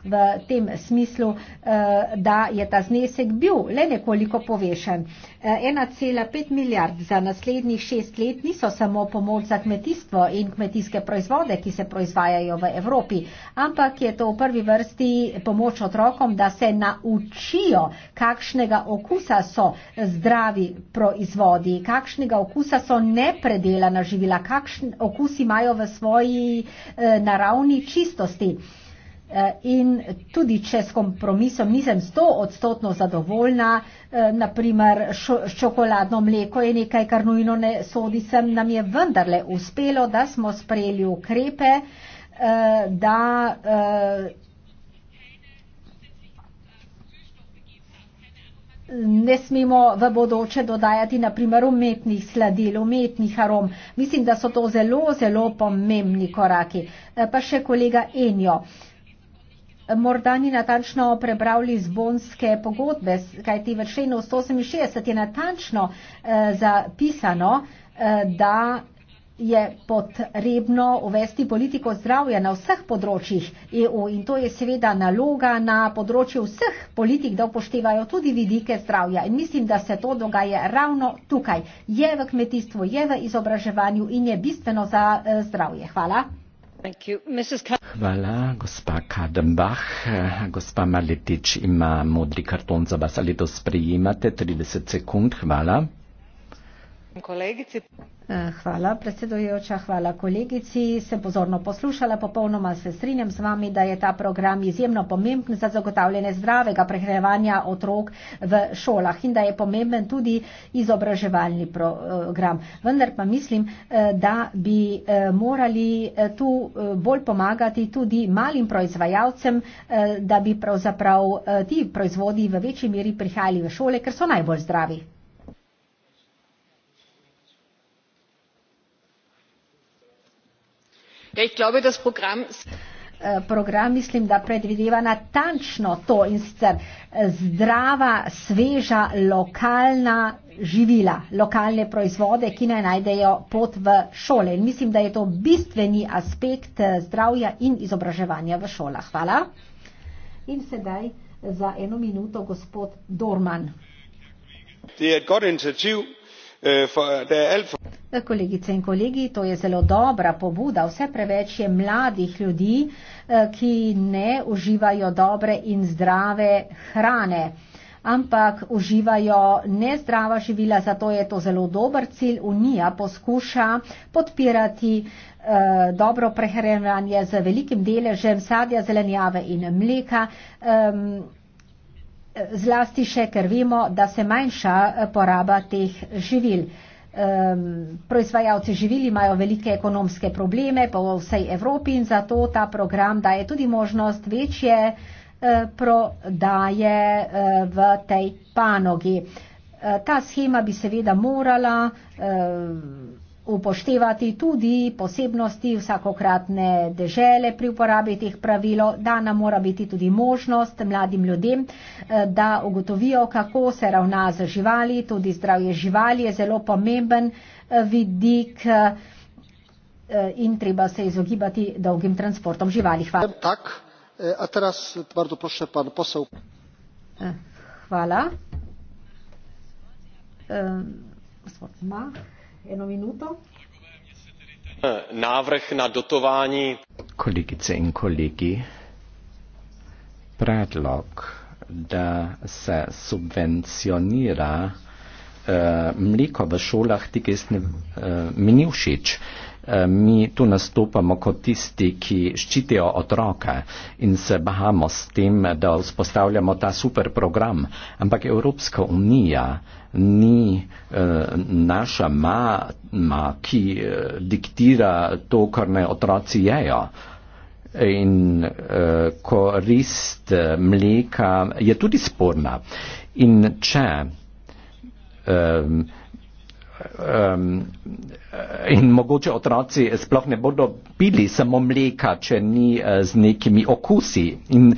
v tem smislu, eh, da je ta znesek bil le nekoliko povešen. Eh, 1,5 milijard za naslednjih šest let niso samo pomoč za kmetijstvo in kmetijske proizvode, ki se proizvajajo v Evropi, ampak je to v prvi vrsti pomoč otrokom, da se naučijo, kakšnega okusa so zdravi proizvodi, kakšnega okusa so nepredelana živila, kakšen okus imajo v svoji eh, naravni čistosti. Eh, in tudi če s kompromisom nisem sto odstotno zadovoljna, eh, naprimer š, čokoladno mleko je nekaj, kar nujno ne sodi sem, nam je vendarle uspelo, da smo sprejeli ukrepe, eh, da ne smemo v bodoče dodajati naprimer umetnih sladil, umetnih arom. Mislim, da so to zelo, zelo pomembni koraki. Pa še kolega Enjo morda ni natančno prebral Lizbonske pogodbe, kajti v členu 168 je natančno eh, zapisano, eh, da je potrebno uvesti politiko zdravja na vseh področjih EU in to je seveda naloga na področju vseh politik, da upoštevajo tudi vidike zdravja. In mislim, da se to dogaja ravno tukaj. Je v kmetijstvu, je v izobraževanju in je bistveno za eh, zdravje. Hvala. Hvala, gospa Kadenbach. Gospa Maletič ima modri karton za vas. Ali to sprejemate? 30 sekund. Hvala kolegici. Eh, hvala, predsedujoča, hvala kolegici. Sem pozorno poslušala, popolnoma se strinjam z vami, da je ta program izjemno pomemben za zagotavljanje zdravega prehranevanja otrok v šolah in da je pomemben tudi izobraževalni program. Vendar pa mislim, eh, da bi eh, morali tu bolj pomagati tudi malim proizvajalcem, da bi pravzaprav ti proizvodi v večji meri prihajali v šole, ker so najbolj zdravi. Ja, ich glaube, das Programm eh, program, mislim, da predvideva natančno to in sicer eh, zdrava, sveža, lokalna živila, lokalne proizvode, ki naj najdejo pot v šole. In mislim, da je to bistveni aspekt eh, zdravja in izobraževanja v šolah. Hvala. In sedaj za eno minuto gospod Dorman. Eh, Kolegice in kolegi, to je zelo dobra pobuda. Vse preveč je mladih ljudi, eh, ki ne uživajo dobre in zdrave hrane, ampak uživajo nezdrava živila, zato je to zelo dober cilj. Unija poskuša podpirati eh, dobro prehranjevanje z velikim deležem sadja, zelenjave in mleka zlasti še, ker vemo, da se manjša eh, poraba teh eh, živil. Um, proizvajalci živil imajo velike ekonomske probleme po vsej Evropi in zato ta program daje tudi možnost večje uh, prodaje uh, v tej panogi. Uh, ta schema bi seveda morala. Uh, upoštevati tudi posebnosti vsakokratne dežele pri uporabi teh pravil, da nam mora biti tudi možnost mladim ljudem, eh, da ugotovijo, kako se ravna z živali, tudi zdravje živali je zelo pomemben eh, vidik eh, in treba se izogibati dolgim transportom živali. Hvala. Tak, a teraz bardzo proszę pan poseł. Hvala. Gospod Mah. Návrh na dotování. Kolegice in kolegi, predlog, da se subvencionira uh, mleko v šolah, ti, ki ste uh, eh, mi ni všeč. Uh, Eh, mi tu nastopamo kot tisti, ki ščitijo otroka in se bahamo s tem, da vzpostavljamo ta super program. Ampak Evropska unija ni eh, naša mama, ki eh, diktira to, kar ne otroci jejo. In eh, korist eh, mleka je tudi sporna. In če eh, um, in mogoče otroci sploh ne bodo pili samo mleka, če ni uh, z nekimi okusi. In uh,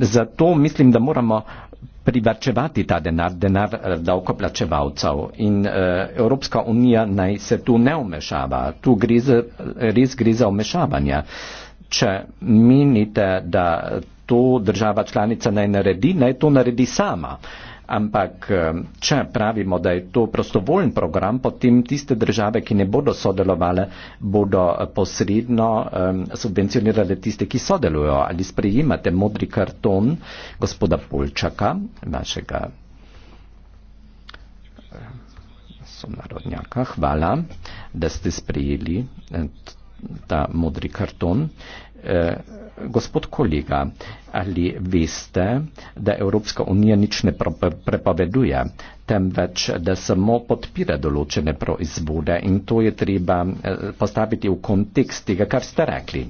zato mislim, da moramo privrčevati ta denar, denar eh, davkoplačevalcev. In uh, Evropska unija naj se tu ne omešava. Tu gre za, res gre za omešavanje. Če menite, da to država članica naj naredi, naj to naredi sama. Uh, Ampak eh, če pravimo, da je to prostovoljen program, potem tiste države, ki ne bodo sodelovali, bodo eh, posredno eh, subvencionirale tiste, ki sodelujo. Ali sprejimate modri karton gospoda Polčaka, vašega sonarodnjaka? Hvala, da ste sprejeli ta modri karton. Eh, gospod kolega, ali veste, da Evropska unija nič ne prepoveduje, temveč, da samo podpira določene proizvode in to je treba eh, postaviti v kontekst tega, kar ste rekli.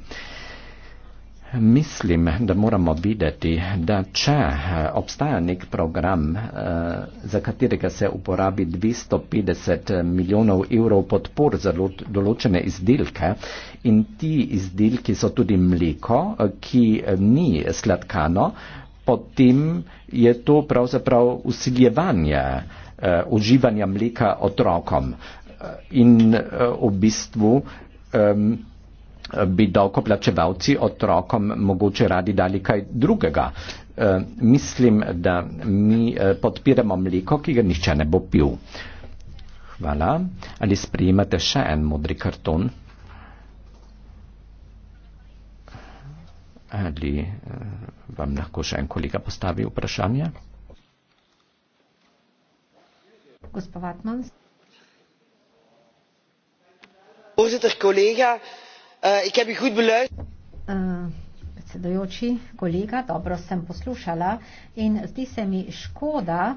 Mislim, da moramo videti, da če eh, obstaja nek program, eh, za katerega se uporabi 250 eh, milijonov evrov podpor za določene izdelke in ti izdelki so tudi mleko, ki ni sladkano, potem je to pravzaprav usiljevanje uživanja mleka otrokom in v bistvu bi davkoplačevalci otrokom mogoče radi dali kaj drugega. E, mislim, da mi e, podpiramo mleko, ki ga nihče ne bo pil. Hvala. Ali sprejemate še en modri karton? Ali e, vam lahko še en kolega postavi vprašanje? Gospod Vatmans. Voorzitter, collega. Eh, ik heb u goed beluisterd. Eh, predsedujoči, kolega, dobro sem poslušala in zdi se mi škoda,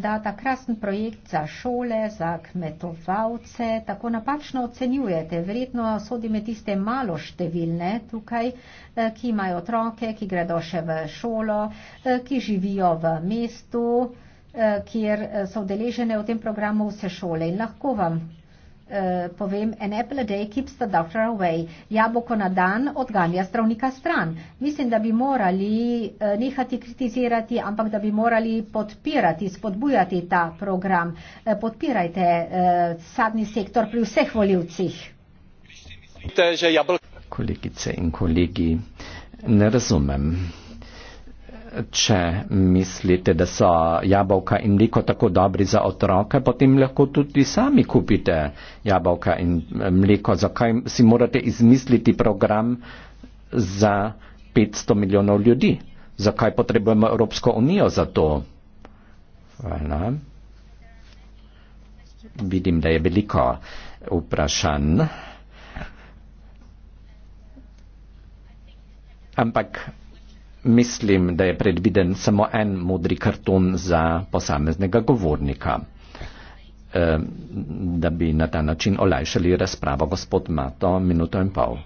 da ta krasen projekt za šole, za kmetovalce tako napačno ocenjujete. Verjetno sodi med tiste malo številne tukaj, eh, ki imajo otroke, ki gredo še v šolo, ki živijo v mestu, kjer so odeležene v tem programu vse šole in lahko vam Eh, povem, an apple a day keeps the doctor away. Jabolko na dan odganja zdravnika stran. Mislim, da bi morali eh, nehati kritizirati, ampak da bi morali podpirati, spodbujati ta program. Eh, podpirajte sadni sektor pri vseh voljivcih. Kolegice in kolegi, ne razumem če mislite, da so jabolka in mleko tako dobri za otroke, potem lahko tudi sami kupite jabolka in eh, mleko. Zakaj si morate izmisliti program za 500 milijonov ljudi? Zakaj potrebujemo Evropsko unijo za to? Vela. Vidim, da je veliko vprašanj. Ampak mislim, da je predviden samo en modri karton za posameznega govornika, eh, da bi na ta način olajšali razpravo. Gospod Mato, minuto in pol.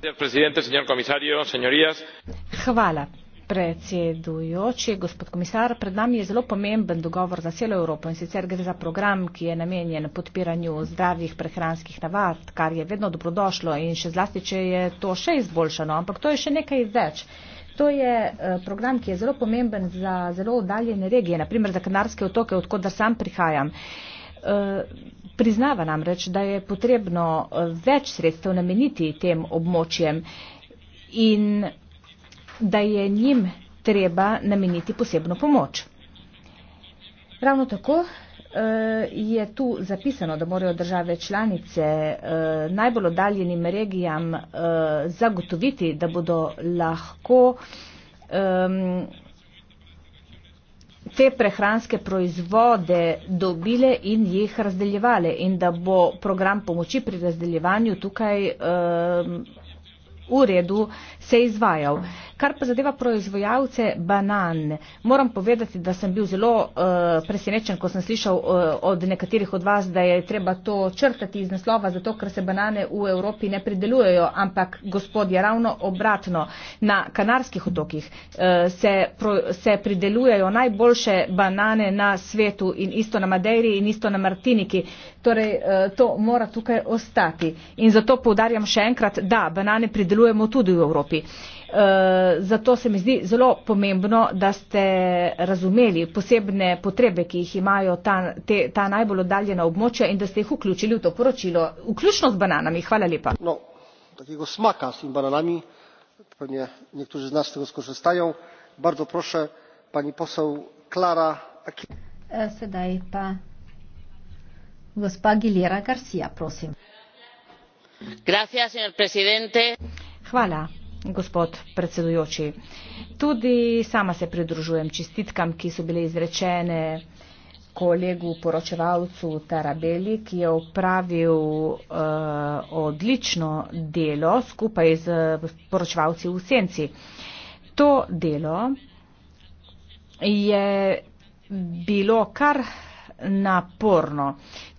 Hvala. Predsedujoči, gospod komisar, pred nami je zelo pomemben dogovor za celo Evropo in sicer gre za program, ki je namenjen podpiranju zdravih prehranskih navad, kar je vedno dobrodošlo in še zlasti, če je to še izboljšano, ampak to je še nekaj več to je eh, program, ki je zelo pomemben za zelo oddaljene regije, naprimer za Kanarske otoke, odkot da sam prihajam. Eh, priznava nam reč, da je potrebno eh, več sredstev nameniti tem območjem in da je njim treba nameniti posebno pomoč. Ravno tako Eh, je tu zapisano, da morajo države članice eh, najbolj oddaljenim regijam eh, zagotoviti, da bodo lahko te prehranske proizvode dobile in jih razdeljevale in da bo program pomoči pri razdeljevanju tukaj v redu se izvajal. Kar pa zadeva proizvojalce banan, moram povedati, da sem bil zelo uh, presenečen, ko sem slišal uh, od nekaterih od vas, da je treba to črtati iz naslova, zato ker se banane v Evropi ne pridelujejo, ampak gospod je ravno obratno. Na kanarskih otokih uh, se, pro, se pridelujejo najboljše banane na svetu in isto na Madeiri in isto na Martiniki. Torej, uh, to mora tukaj ostati. In zato poudarjam še enkrat, da banane pridelujejo delujemo tudi v Evropi. E, zato se mi zdi zelo pomembno, da ste razumeli posebne potrebe, ki jih imajo ta, te, ta najbolj oddaljena območja in da ste jih vključili v to poročilo, vključno z bananami. Hvala lepa. No, takega smaka s temi bananami, pravnje, nekateri z nas tega skozi stajo. Bardzo proše, pani posel Klara. E, sedaj pa gospa Gilera Garcia, prosim. Gracias, señor presidente. Hvala, gospod predsedujoči. Tudi sama se pridružujem čestitkam, ki so bile izrečene kolegu poročevalcu Tarabeli, ki je upravil uh, eh, odlično delo skupaj z poročevalci v Senci. To delo je bilo kar naporno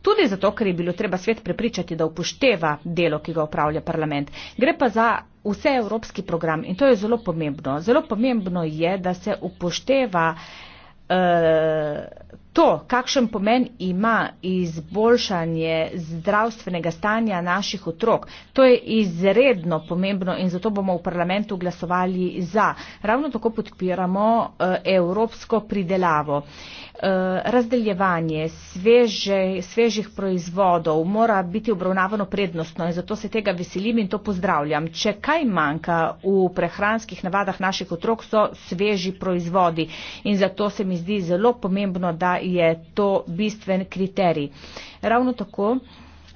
tudi zato, ker je bilo treba svet prepričati, da upošteva delo, ki ga upravlja parlament. Gre pa za vse evropski program in to je zelo pomembno. Zelo pomembno je, da se upošteva eh, to, kakšen pomen ima izboljšanje zdravstvenega stanja naših otrok. To je izredno pomembno in zato bomo v parlamentu glasovali za. Ravno tako podpiramo eh, evropsko pridelavo. Eh, razdeljevanje sveže, svežih proizvodov mora biti obravnavano prednostno in zato se tega veselim in to pozdravljam. Če kaj manjka v prehranskih navadah naših otrok, so sveži proizvodi in zato se mi zdi zelo pomembno, da je to bistven kriterij. Ravno tako.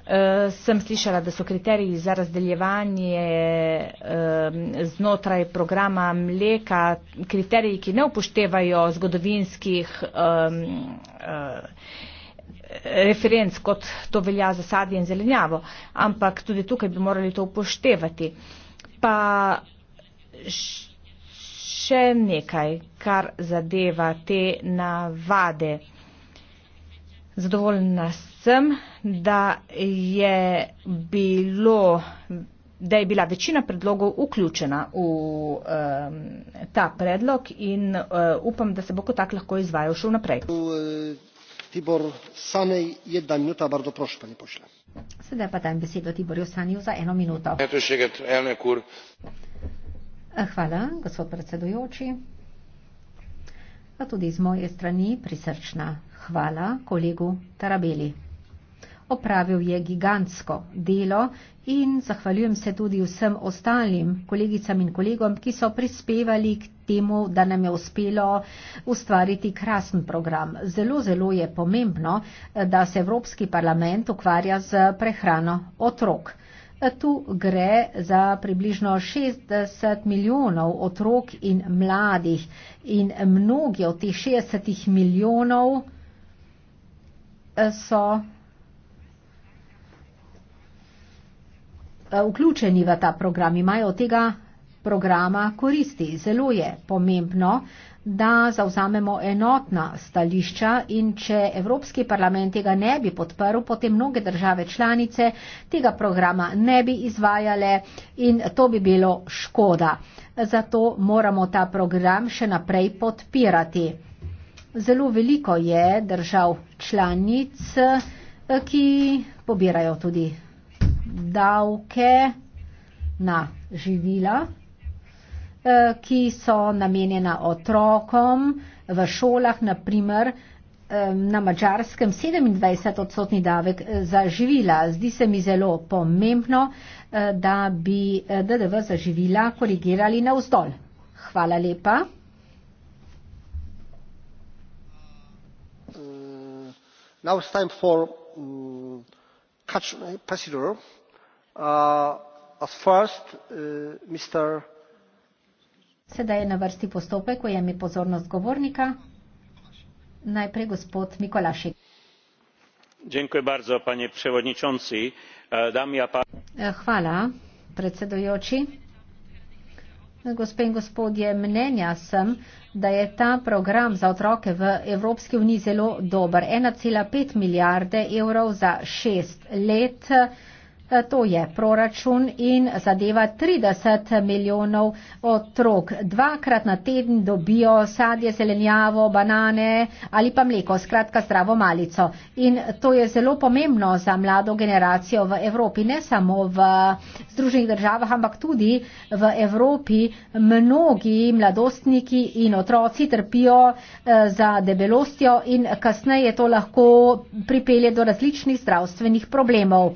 Eh, sem slišala, da so kriteriji za razdeljevanje znotraj programa mleka, kriteriji, ki ne upoštevajo zgodovinskih eh, referenc, kot to velja za sadje in zelenjavo, ampak tudi tukaj bi morali to upoštevati. Pa še nekaj, kar zadeva te navade. Zadovoljna sem, da je, bilo, da je bila večina predlogov vključena v um, ta predlog in uh, upam, da se bo kot tak lahko izvajal še naprej. Eh, Tibor Sanej, jedna minuta, bardzo proszę, panie pośle. Sedaj pa dajem besedo Tiborju Sanju za eno minuto. Hvala, gospod predsedujoči pa tudi z moje strani prisrčna hvala kolegu Tarabeli. Opravil je gigantsko delo in zahvaljujem se tudi vsem ostalim kolegicam in kolegom, ki so prispevali k temu, da nam je uspelo ustvariti krasen program. Zelo, zelo je pomembno, da se Evropski parlament ukvarja z prehrano otrok. Tu gre za približno 60 milijonov otrok in mladih in mnogi od teh 60 milijonov eh, so eh, vključeni v ta program, imajo od tega programa koristi. Zelo je pomembno, da zauzamemo enotna stališča in če Evropski parlament tega ne bi podprl, potem mnoge države članice tega programa ne bi izvajale in to bi bilo škoda. Zato moramo ta program še naprej podpirati. Zelo veliko je držav članic, ki pobirajo tudi davke na živila. Eh, ki so namenjena otrokom v šolah, naprimer na eh, mačarskem 27 odstotni davek eh, za živila. Zdi se mi zelo pomembno, da bi DDV za živila korigirali na vzdolj. Hvala lepa. Mm, now it's time for um, catch procedure. Uh, at first, uh, Mr. Sedaj je na vrsti postopek, ko je mi pozornost govornika. Najprej gospod Mikolašik. E, e, hvala, predsedujoči. Gospe in gospodje, mnenja sem, da je ta program za otroke v Evropski uniji zelo dober. 1,5 milijarde evrov za šest let. Eh, to je proračun in zadeva 30 milijonov otrok. Dvakrat na teden dobijo sadje, zelenjavo, banane ali pa mleko, skratka zdravo malico. In to je zelo pomembno za mlado generacijo v Evropi, ne samo v Združenih državah, ampak tudi v Evropi mnogi mladostniki in otroci trpijo eh, za debelostjo in kasneje to lahko pripelje do različnih zdravstvenih problemov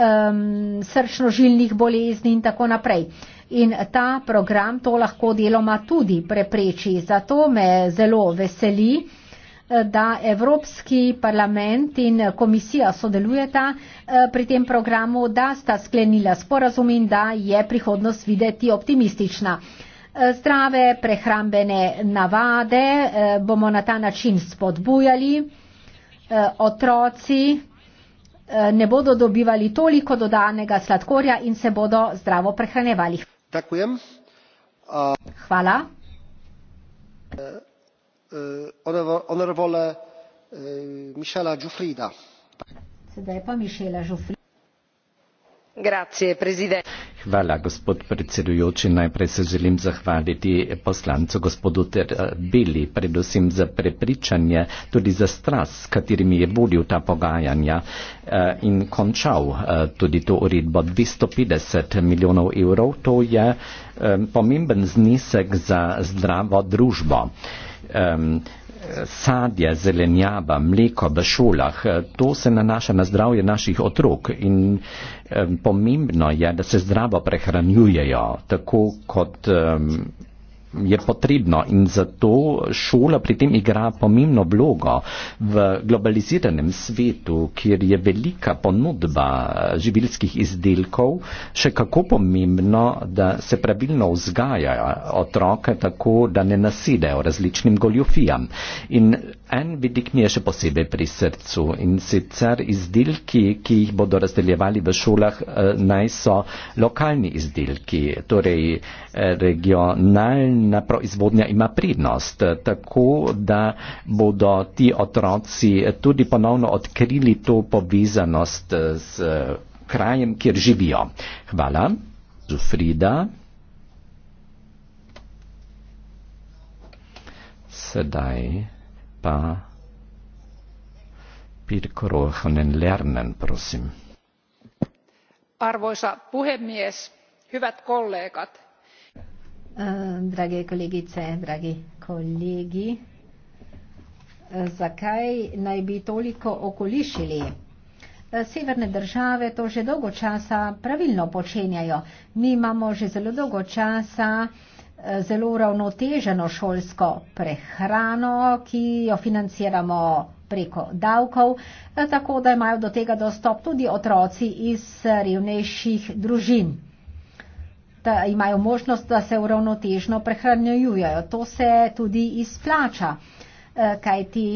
um, srčnožilnih bolezni in tako naprej. In ta program to lahko deloma tudi prepreči. Zato me zelo veseli, eh, da Evropski parlament in komisija sodelujeta eh, pri tem programu, da sta sklenila sporazum in da je prihodnost videti optimistična. Eh, zdrave prehrambene navade bomo na ta način spodbujali. Otroci, Eh, ne bodo dobivali toliko dodanega sladkorja in se bodo zdravo prehranjevali. Hvala. E, e, e, Sedaj pa Mišela Žufrida. Hvala, gospod predsedujoči. Najprej se želim zahvaliti poslancu gospodu Terbili, predvsem za prepričanje, tudi za stras, s katerimi je vodil ta pogajanja eh, in končal eh, tudi to uredbo 250 milijonov evrov. To je eh, pomemben znesek za zdravo družbo sadje, zelenjava, mleko v šolah, eh, to se nanaša na zdravje naših otrok in eh, pomembno je, da se zdravo prehranjujejo, tako kot eh, je potrebno in zato šola pri tem igra pomembno vlogo v globaliziranem svetu, kjer je velika ponudba živilskih izdelkov, še kako pomembno, da se pravilno vzgaja otroke tako, da ne nasidejo različnim goljofijam. In en vidik mi je še posebej pri srcu in sicer izdelki, ki jih bodo razdeljevali v šolah, eh, naj so lokalni izdelki, torej eh, regionalni na proizvodnja ima prednost, tako da bodo ti otroci tudi ponovno odkrili to povezanost z krajem, kjer živijo. Hvala. Zufrida. Sedaj pa Pirkorohonen Lernen, prosim. Arvoisa puhemies, hyvät kollegat, Eh, drage kolegice, dragi kolegi, eh, zakaj naj bi toliko okolišili? Eh, severne države to že dolgo časa pravilno počenjajo. Mi imamo že zelo dolgo časa zelo ravnoteženo šolsko prehrano, ki jo financiramo preko davkov, tako da imajo do tega dostop tudi otroci iz revnejših družin da imajo možnost, da se uravnotežno prehranjujejo. To se tudi izplača, eh, kajti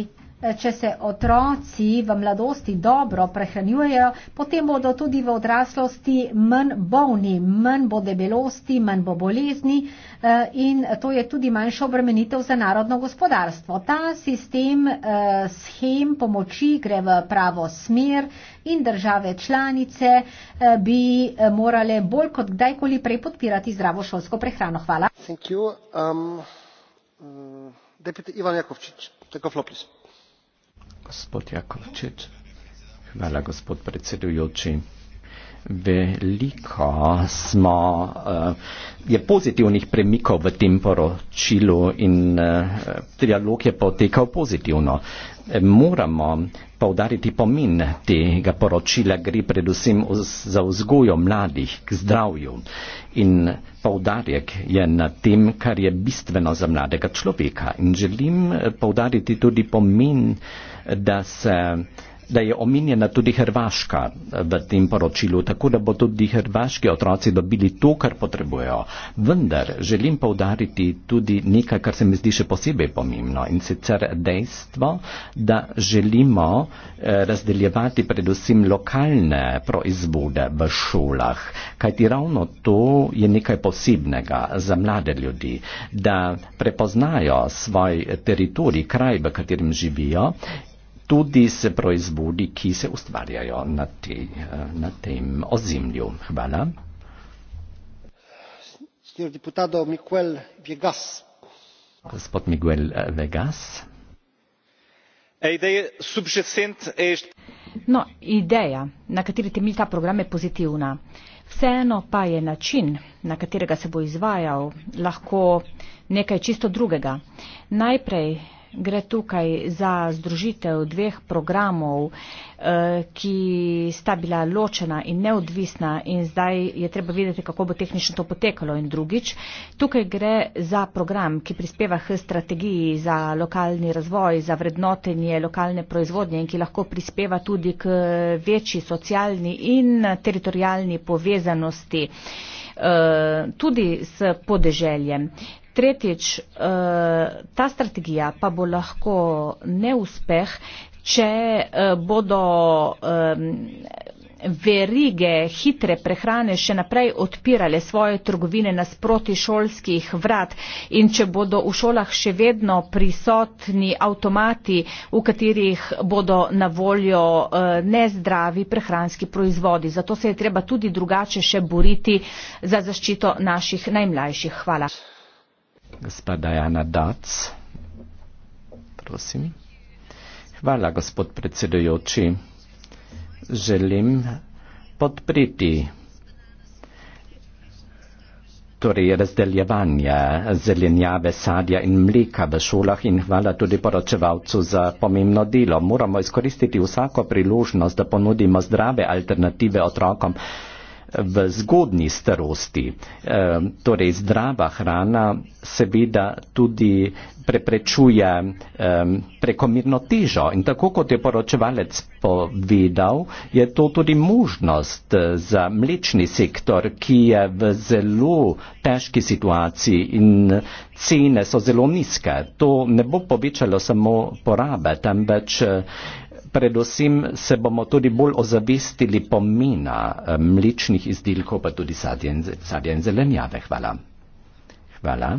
Eh, če se otroci v mladosti dobro prehranjujejo, potem bodo tudi v odraslosti manj bolni, manj bo debelosti, manj bo bolezni eh, in to je tudi manjša obremenitev za narodno gospodarstvo. Ta sistem eh, schem pomoči gre v pravo smer in države članice bi morale bolj kot kdajkoli prej podpirati zdravo šolsko prehrano. Hvala gospod Jakovčič. Hvala, gospod predsedujoči. Veliko smo, eh, je pozitivnih premikov v tem poročilu in dialog eh, je potekal pozitivno. Moramo poudariti pomin tega poročila, gre predvsem za vzgojo mladih k zdravju in poudarjek je na tem, kar je bistveno za mladega človeka. In želim poudariti tudi pomin, da se da je omenjena tudi Hrvaška v tem poročilu, tako da bo tudi hrvaški otroci dobili to, kar potrebujejo. Vendar želim povdariti tudi nekaj, kar se mi zdi še posebej pomembno in sicer dejstvo, da želimo eh, razdeljevati predvsem lokalne proizvode v šolah, kajti ravno to je nekaj posebnega za mlade ljudi, da prepoznajo svoj teritorij, kraj, v katerem živijo tudi se proizvodi, ki se ustvarjajo na, te, na tem ozemlju. Hvala. Gospod Miguel eh, Vegas. E e no, ideja, na kateri temelji ta program, je pozitivna. Vseeno pa je način, na katerega se bo izvajal, lahko nekaj čisto drugega. Najprej Gre tukaj za združitev dveh programov, eh, ki sta bila ločena in neodvisna in zdaj je treba videti, kako bo tehnično to potekalo in drugič. Tukaj gre za program, ki prispeva h strategiji za lokalni razvoj, za vrednotenje lokalne proizvodnje in ki lahko prispeva tudi k večji socialni in teritorijalni povezanosti. Eh, tudi s podeželjem. Tretjič, eh, ta strategija pa bo lahko neuspeh, če eh, bodo verige hitre prehrane še naprej odpirale svoje trgovine nasproti šolskih vrat in če bodo v šolah še vedno prisotni avtomati, v katerih bodo na voljo eh, nezdravi prehranski proizvodi. Zato se je treba tudi drugače še boriti za zaščito naših najmlajših. Hvala. Gospa Dajana Dac. Prosim. Hvala, gospod predsedujoči. Želim podpriti torej razdeljevanje zelenjave, sadja in mlika v šolah in hvala tudi poročevalcu za pomembno delo. Moramo izkoristiti vsako priložnost, da ponudimo zdrave alternative otrokom v zgodni starosti. E, torej zdrava hrana seveda tudi preprečuje e, ehm, prekomirno težo in tako kot je poročevalec povedal, je to tudi možnost eh, za mlečni sektor, ki je v zelo težki situaciji in cene so zelo nizke. To ne bo povečalo samo porabe, temveč eh, predvsem se bomo tudi bolj ozavestili pomena eh, mlečnih izdelkov, pa tudi sadja in zelenjave. Hvala. Hvala.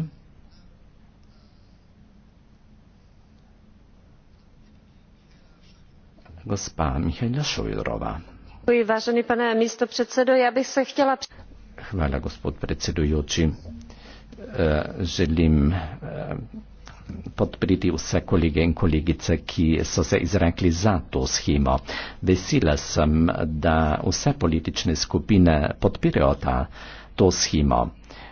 Gospa Mihajla Šojrova. Vážený pane místo předsedo, já bych se chtěla... Hvala, gospod predsedujoči. Uh, želim uh, podpriti vse kolege in kolegice, ki so se izrekli za to schemo. Vesela sem, da vse politične skupine podpirajo ta, to schemo.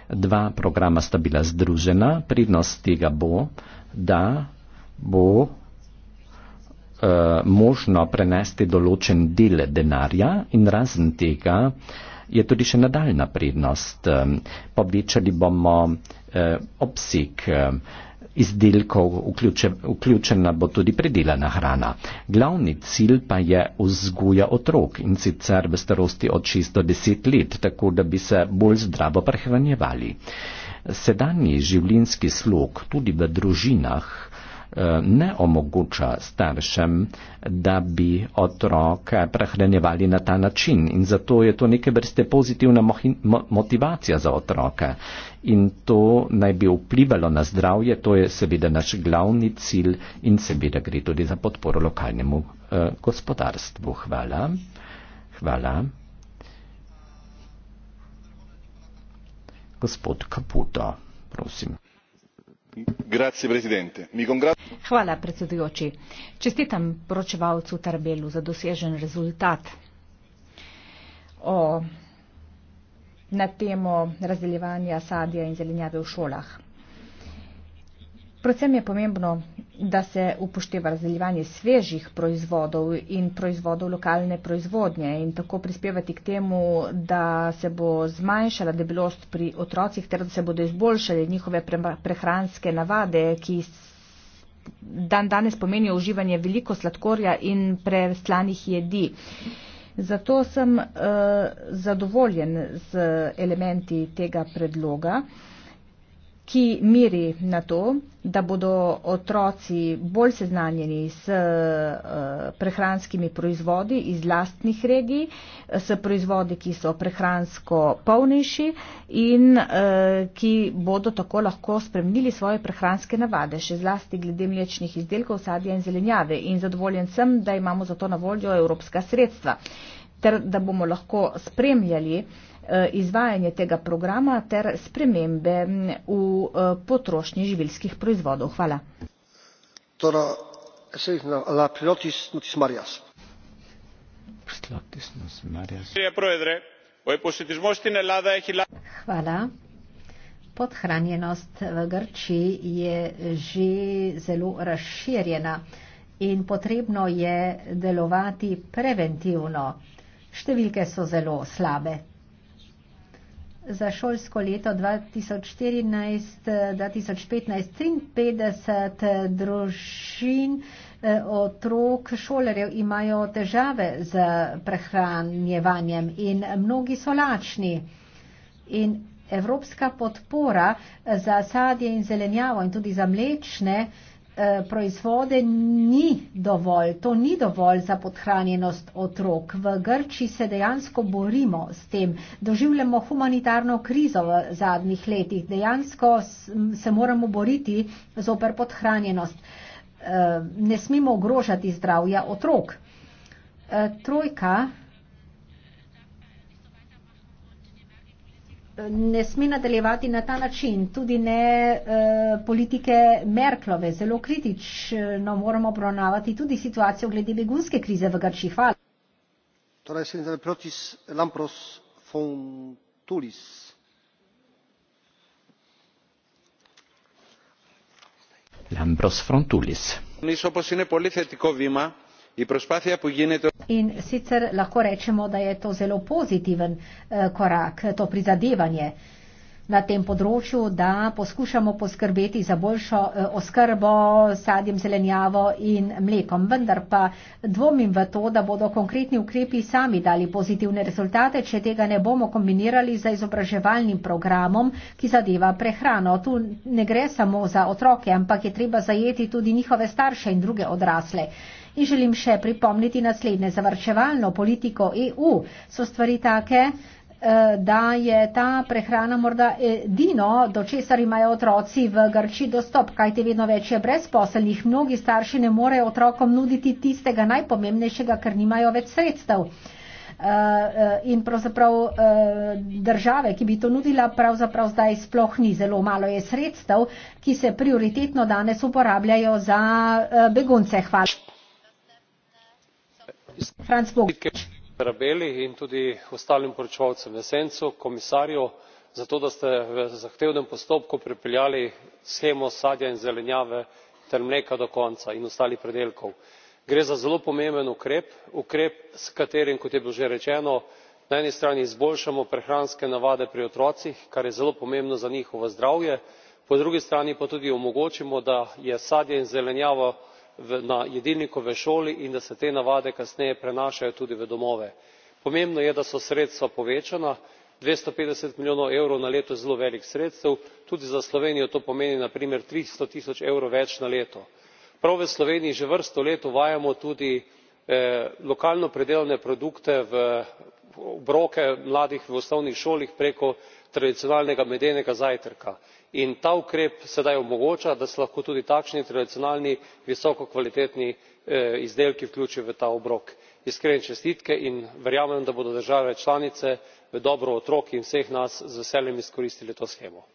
Dva programa sta bila združena, prednost tega bo, da bo e, možno prenesti določen del denarja in razen tega je tudi še nadaljna prednost. Eh, povečali bomo e, obseg. E, izdelkov vključena bo tudi predelana hrana. Glavni cilj pa je vzgoja otrok in sicer v starosti od 6 do 10 let, tako da bi se bolj zdravo prehranjevali. Sedanji življenski slog tudi v družinah eh, ne omogoča staršem, da bi otroke prehranjevali na ta način in zato je to neke vrste pozitivna motivacija za otroke in to naj bi vplivalo na zdravje, to je seveda naš glavni cilj in seveda gre tudi za podporo lokalnemu eh, gospodarstvu. Hvala. Hvala. Gospod Kaputo, prosim. Hvala, predsedujoči. Čestitam poročevalcu Tarbelu za dosežen rezultat. O na temo razdeljevanja sadja in zelenjave v šolah. Predvsem je pomembno, da se upošteva razdeljevanje svežih proizvodov in proizvodov lokalne proizvodnje in tako prispevati k temu, da se bo zmanjšala debelost pri otrocih ter da se bodo izboljšale njihove prehranske navade, ki dan danes pomenijo uživanje veliko sladkorja in preslanih jedi. Zato sem uh, zadovoljen z elementi tega predloga ki miri na to, da bodo otroci bolj seznanjeni s eh, prehranskimi proizvodi iz lastnih regij, s proizvodi, ki so prehransko polnejši in eh, ki bodo tako lahko spremenili svoje prehranske navade, še zlasti glede mlečnih izdelkov, sadja in zelenjave. In zadovoljen sem, da imamo za to na voljo evropska sredstva ter da bomo lahko spremljali uh, Eh, izvajanje tega programa ter spremembe v eh, potrošnji živilskih proizvodov. Hvala. Hvala. Podhranjenost v Grčiji je že zelo razširjena in potrebno je delovati preventivno. Številke so zelo slabe za šolsko leto 2014-2015-53 eh, družin eh, otrok šolerjev imajo težave z prehranjevanjem in mnogi so lačni. In evropska podpora eh, za sadje in zelenjavo in tudi za mlečne Eh, proizvode ni dovolj, to ni dovolj za podhranjenost otrok. V Grči se dejansko borimo s tem. Doživljamo humanitarno krizo v zadnjih letih. Dejansko se moramo boriti z oper podhranjenost. Eh, ne smemo ogrožati zdravja otrok. Eh, trojka ne sme nadaljevati na ta način, tudi ne uh, politike Merklove. Zelo kritično moramo obravnavati tudi situacijo glede begunske krize v Grčiji. Hvala. Torej, Lambros Frontulis. Lambros Frontulis. In sicer lahko rečemo, da je to zelo pozitiven eh, korak, to prizadevanje na tem področju, da poskušamo poskrbeti za boljšo eh, oskrbo sadjem, zelenjavo in mlekom. Vendar pa dvomim v to, da bodo konkretni ukrepi sami dali pozitivne rezultate, če tega ne bomo kombinirali za izobraževalnim programom, ki zadeva prehrano. Tu ne gre samo za otroke, ampak je treba zajeti tudi njihove starše in druge odrasle. In želim še pripomniti naslednje. Zavrčevalno politiko EU so stvari take, eh, da je ta prehrana morda edino, do česar imajo otroci v Grči dostop, kajti vedno več je brezposelnih. Mnogi starši ne morejo otrokom nuditi tistega najpomembnejšega, ker nimajo več sredstev. Eh, eh, in pravzaprav države, ki bi to nudila, pravzaprav zdaj sploh ni. Zelo malo je sredstev, ki se prioritetno danes uporabljajo za begunce. Hvala tarabelli in tudi ostalim poročevalcem essensu komisarju za to da ste v zahtevnem postopku pripeljali shemo sadja in zelenjave ter mleka do konca in ostalih pridelkov. gre za zelo pomemben ukrep ukrep s katerim kot je bilo že rečeno na eni strani izboljšamo prehranske navade pri otrocih kar je zelo pomembno za njihovo zdravje po drugi strani pa tudi omogočimo da je sadje in zelenjava v osnovnih šolah na jedilniku v šoli in da se te navade kasneje prenašajo tudi v domove. pomembno je da so sredstva povečana dvesto petdeset milijonov evrov na leto je zelo velik znesek tudi za slovenijo to pomeni na primer tristo tisoč evrov več na leto. prav v sloveniji že vrsto let uvajamo tudi eh, lokalno pridelane produkte v obroke mladih v osnovnih šolah preko tradicionalnega medenega zajtrka in ta ukrep sedaj omogoča da se lahko tudi takšni tradicionalni visoko kvalitetni eh, izdelki vključijo v ta obrok. iskrene čestitke in verjamem da bodo države članice v dobro otrok in vseh nas z veseljem izkoristile to shemo.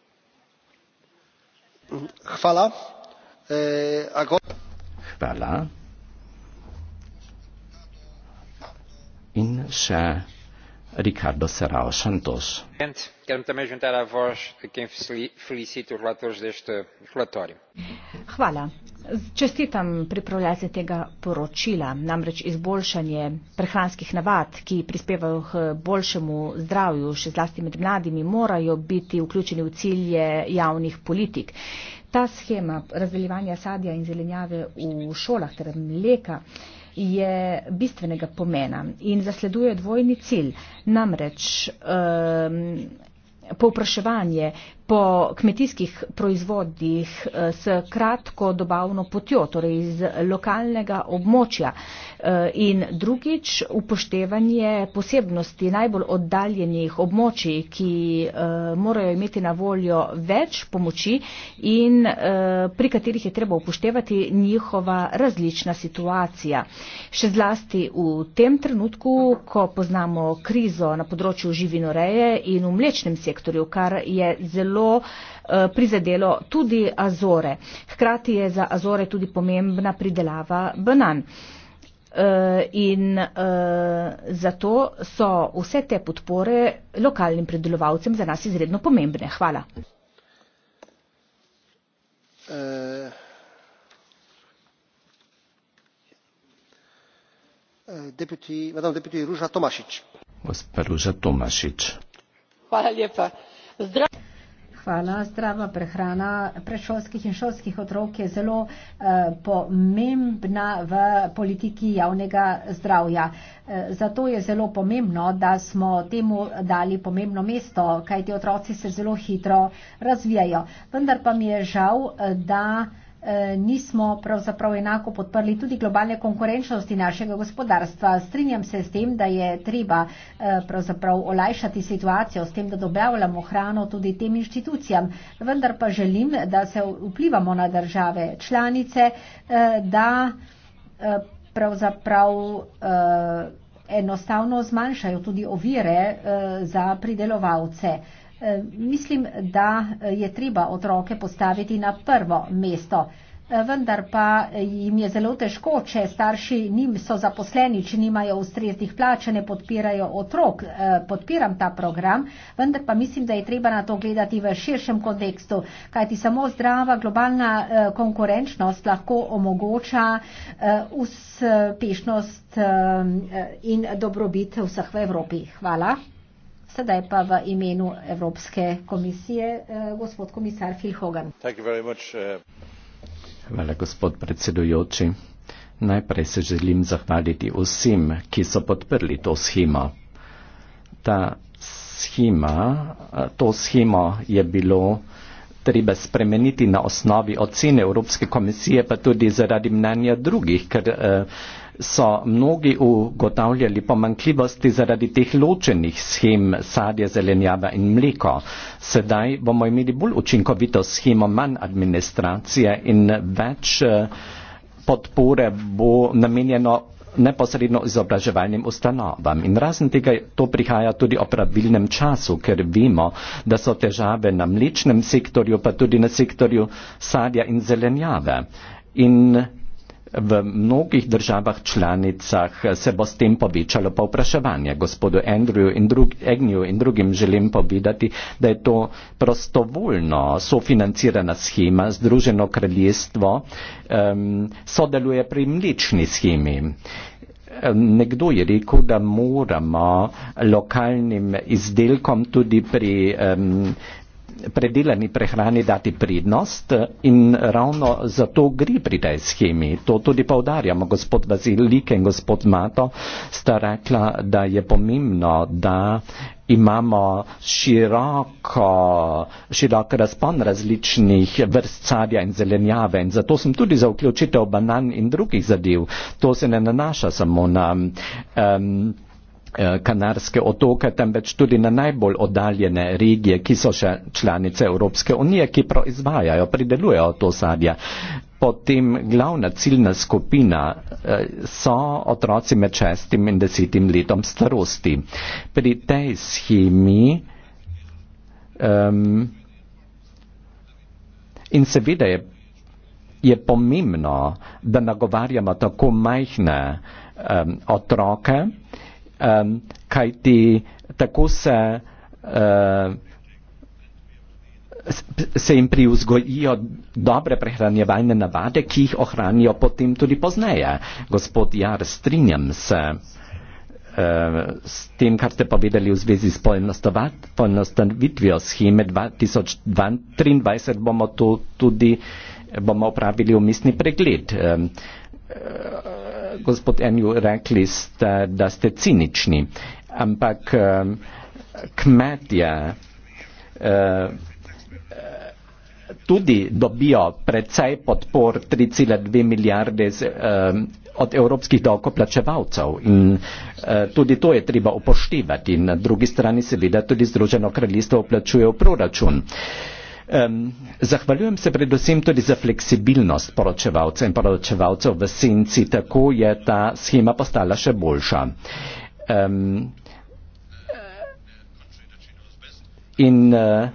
Ricardo Serrao Santos. Gente, quero também juntar a voz de quem felicita os relatores deste relatório. Hvala. Čestitam pripravljalce tega poročila, namreč izboljšanje prehranskih navad, ki prispevajo k boljšemu zdravju, še zlasti med mladimi, morajo biti vključeni v cilje javnih politik. Ta schema razdeljevanja sadja in zelenjave v šolah ter mleka je bistvenega pomena in zasleduje dvojni cilj. Namreč um, povpraševanje po kmetijskih proizvodih eh, s kratko dobavno potjo, torej iz lokalnega območja eh, in drugič upoštevanje posebnosti najbolj oddaljenih območij, ki eh, morajo imeti na voljo več pomoči in pri katerih je treba upoštevati njihova različna situacija. Še zlasti v tem trenutku, ko poznamo krizo na področju živinoreje in v mlečnem sektorju, sektorju, kar je zelo eh, prizadelo tudi Azore. Hkrati je za Azore tudi pomembna pridelava banan. Eh, in eh, zato so vse te podpore lokalnim pridelovalcem za nas izredno pomembne. Hvala. Uh, deputy, Madame Deputy Ruža Tomašič. Gospa Ruža Tomašič. Hvala. Zdrava prehrana predšolskih in šolskih otrok je zelo eh, pomembna v politiki javnega zdravja. Eh, zato je zelo pomembno, da smo temu dali pomembno mesto, kajti otroci se zelo hitro razvijajo. Vendar pa mi je žal, eh, da. Eh, nismo pravzaprav enako podprli tudi globalne konkurenčnosti našega gospodarstva. Strinjam se s tem, da je treba eh, pravzaprav olajšati situacijo s tem, da dobavljamo hrano tudi tem inštitucijam. Vendar pa želim, da se vplivamo na države članice, eh, da pravzaprav enostavno zmanjšajo tudi ovire za pridelovalce. Eh, mislim, da eh, je treba otroke postaviti na prvo mesto, eh, vendar pa jim je zelo težko, če starši njim so zaposleni, če nimajo ustreznih plač, ne podpirajo otrok. Podpiram ta program, vendar pa mislim, da je treba na to gledati v širšem kontekstu, kajti samo zdrava globalna konkurenčnost lahko omogoča uspešnost in dobrobit vseh v Evropi. Hvala. Sedaj pa v imenu Evropske komisije eh, gospod komisar Phil Hogan. Eh. Hvala, gospod predsedujoči. Najprej se želim zahvaliti vsem, ki so podprli to schemo. Ta schema, eh, to schemo je bilo treba spremeniti na osnovi ocene Evropske komisije, pa tudi zaradi mnenja drugih, ker eh, so mnogi ugotavljali pomankljivosti zaradi teh ločenih schem sadja, zelenjava in mleko. Sedaj bomo imeli bolj učinkovito schemo, manj administracije in več eh, podpore bo namenjeno neposredno izobraževalnim ustanovam. In razen tega to prihaja tudi o pravilnem času, ker vemo, da so težave na mlečnem sektorju, pa tudi na sektorju sadja in zelenjave. In V mnogih državah članicah se bo s tem povečalo povpraševanje. Gospodu Andrewu in, drug, in drugim želim povedati, da je to prostovoljno sofinancirana schema. Združeno kraljestvo um, sodeluje pri mlični schemi. Nekdo je rekel, da moramo lokalnim izdelkom tudi pri. Um, predelani prehrani dati prednost eh, in ravno zato gre pri tej schemi. To tudi povdarjamo. Gospod Vazilike in gospod Mato sta rekla, da je pomembno, da imamo široko, širok razpon različnih vrst sadja in zelenjave in zato sem tudi za vključitev banan in drugih zadev. To se ne nanaša samo na um, Eh, Kanarske otoke, temveč tudi na najbolj oddaljene regije, ki so še članice Evropske unije, ki proizvajajo, pridelujejo to sadje. Potem glavna ciljna skupina eh, so otroci med šestim in desetim letom starosti. Pri tej schemi um, in seveda je, je pomembno, da nagovarjamo tako majhne um, otroke, uh, um, kajti tako se, uh, se jim privzgojijo dobre prehranjevalne navade, ki jih ohranijo potem tudi pozneje. Gospod Jar, strinjam se e, s tem, kar ste povedali v zvezi s poenostavitvijo scheme 2023, bomo to tudi bomo opravili v misni pregled gospod Enju, rekli ste, da ste cinični, ampak eh, kmetje eh, tudi dobijo precej podpor 3,2 milijarde eh, od evropskih davkoplačevalcev in tudi to je treba upoštevati. Na drugi strani seveda tudi Združeno kraljestvo plačuje v proračun. Um, zahvaljujem se predvsem tudi za fleksibilnost poročevalcev in poročevalcev v senci, tako je ta schema postala še boljša. Um, in uh,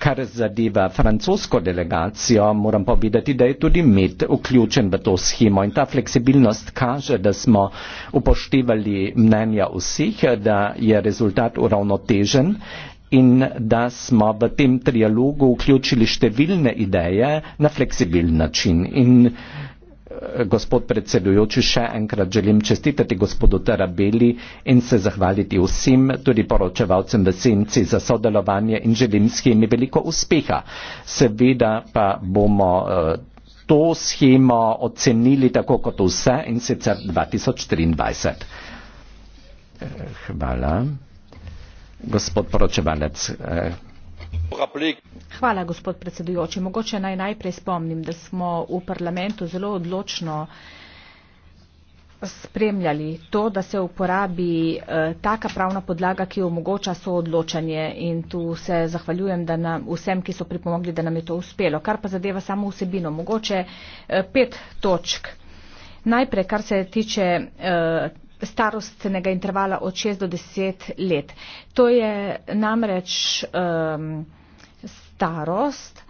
kar zadeva francosko delegacijo, moram povedati, da je tudi med vključen v to schemo in ta fleksibilnost kaže, da smo upoštevali mnenja vseh, da je rezultat uravnotežen. Uh, in da smo v tem trialogu vključili številne ideje na fleksibilen način. In eh, gospod predsedujoči, še enkrat želim čestitati gospodu Tarabeli in se zahvaliti vsem, tudi poročevalcem v senci za sodelovanje in želim schemi veliko uspeha. Seveda pa bomo eh, to schemo ocenili tako kot vse in sicer 2023. Eh, hvala gospod poročevalec. Eh. Hvala, gospod predsedujoči. Mogoče naj najprej spomnim, da smo v parlamentu zelo odločno spremljali to, da se uporabi eh, taka pravna podlaga, ki omogoča soodločanje in tu se zahvaljujem da nam, vsem, ki so pripomogli, da nam je to uspelo. Kar pa zadeva samo vsebino, mogoče eh, pet točk. Najprej, kar se tiče. Eh, starostnega intervala od 6 do 10 let. To je namreč um, starost,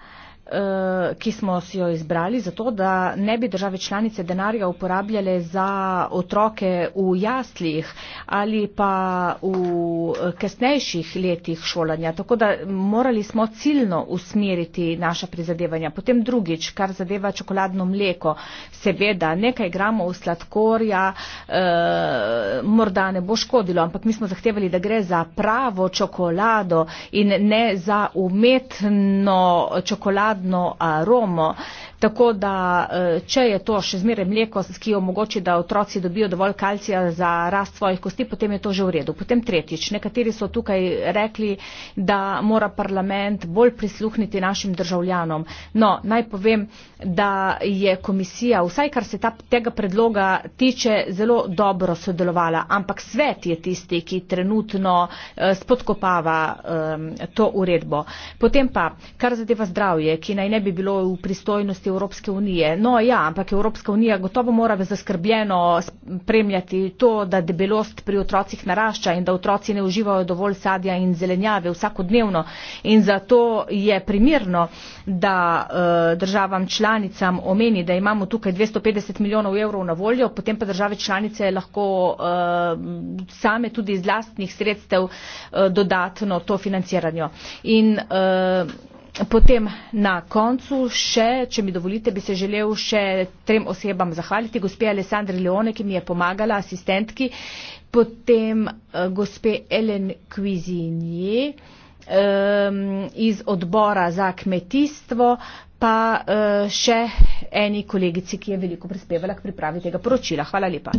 Eh, ki smo si jo izbrali, zato da ne bi države članice denarja uporabljale za otroke v jaslih ali pa v eh, kasnejših letih šolanja. Tako da morali smo ciljno usmeriti naša prizadevanja. Potem drugič, kar zadeva čokoladno mleko, seveda nekaj gramov sladkorja eh, morda ne bo škodilo, ampak mi smo zahtevali, da gre za pravo čokolado in ne za umetno čokolado zapadno a romo. Tako da, eh, če je to še zmeraj mleko, ki omogoči, da otroci dobijo dovolj kalcija za rast svojih kosti, potem je to že v redu. Potem tretjič, nekateri so tukaj rekli, da mora parlament bolj prisluhniti našim državljanom. No, naj povem, da je komisija, vsaj kar se ta, tega predloga tiče, zelo dobro sodelovala, ampak svet je tisti, ki trenutno eh, spodkopava eh, to uredbo. Potem pa, kar zadeva zdravje, ki naj ne bi bilo v pristojnosti Evropske unije. No ja, ampak Evropska unija gotovo mora zaskrbljeno spremljati to, da debelost pri otrocih narašča in da otroci ne uživajo dovolj sadja in zelenjave vsakodnevno. In zato je primirno, da eh, državam članicam omeni, da imamo tukaj 250 milijonov evrov na voljo, potem pa države članice lahko eh, same tudi iz lastnih sredstev eh, dodatno to financiranje. In uh, Potem na koncu še, če mi dovolite, bi se želel še trem osebam zahvaliti. Gospe Alessandri Leone, ki mi je pomagala, asistentki. Potem eh, gospe Ellen Cuisinier ehm, iz odbora za kmetijstvo, pa eh, še eni kolegici, ki je veliko prispevala k pripravi tega poročila. Hvala lepa.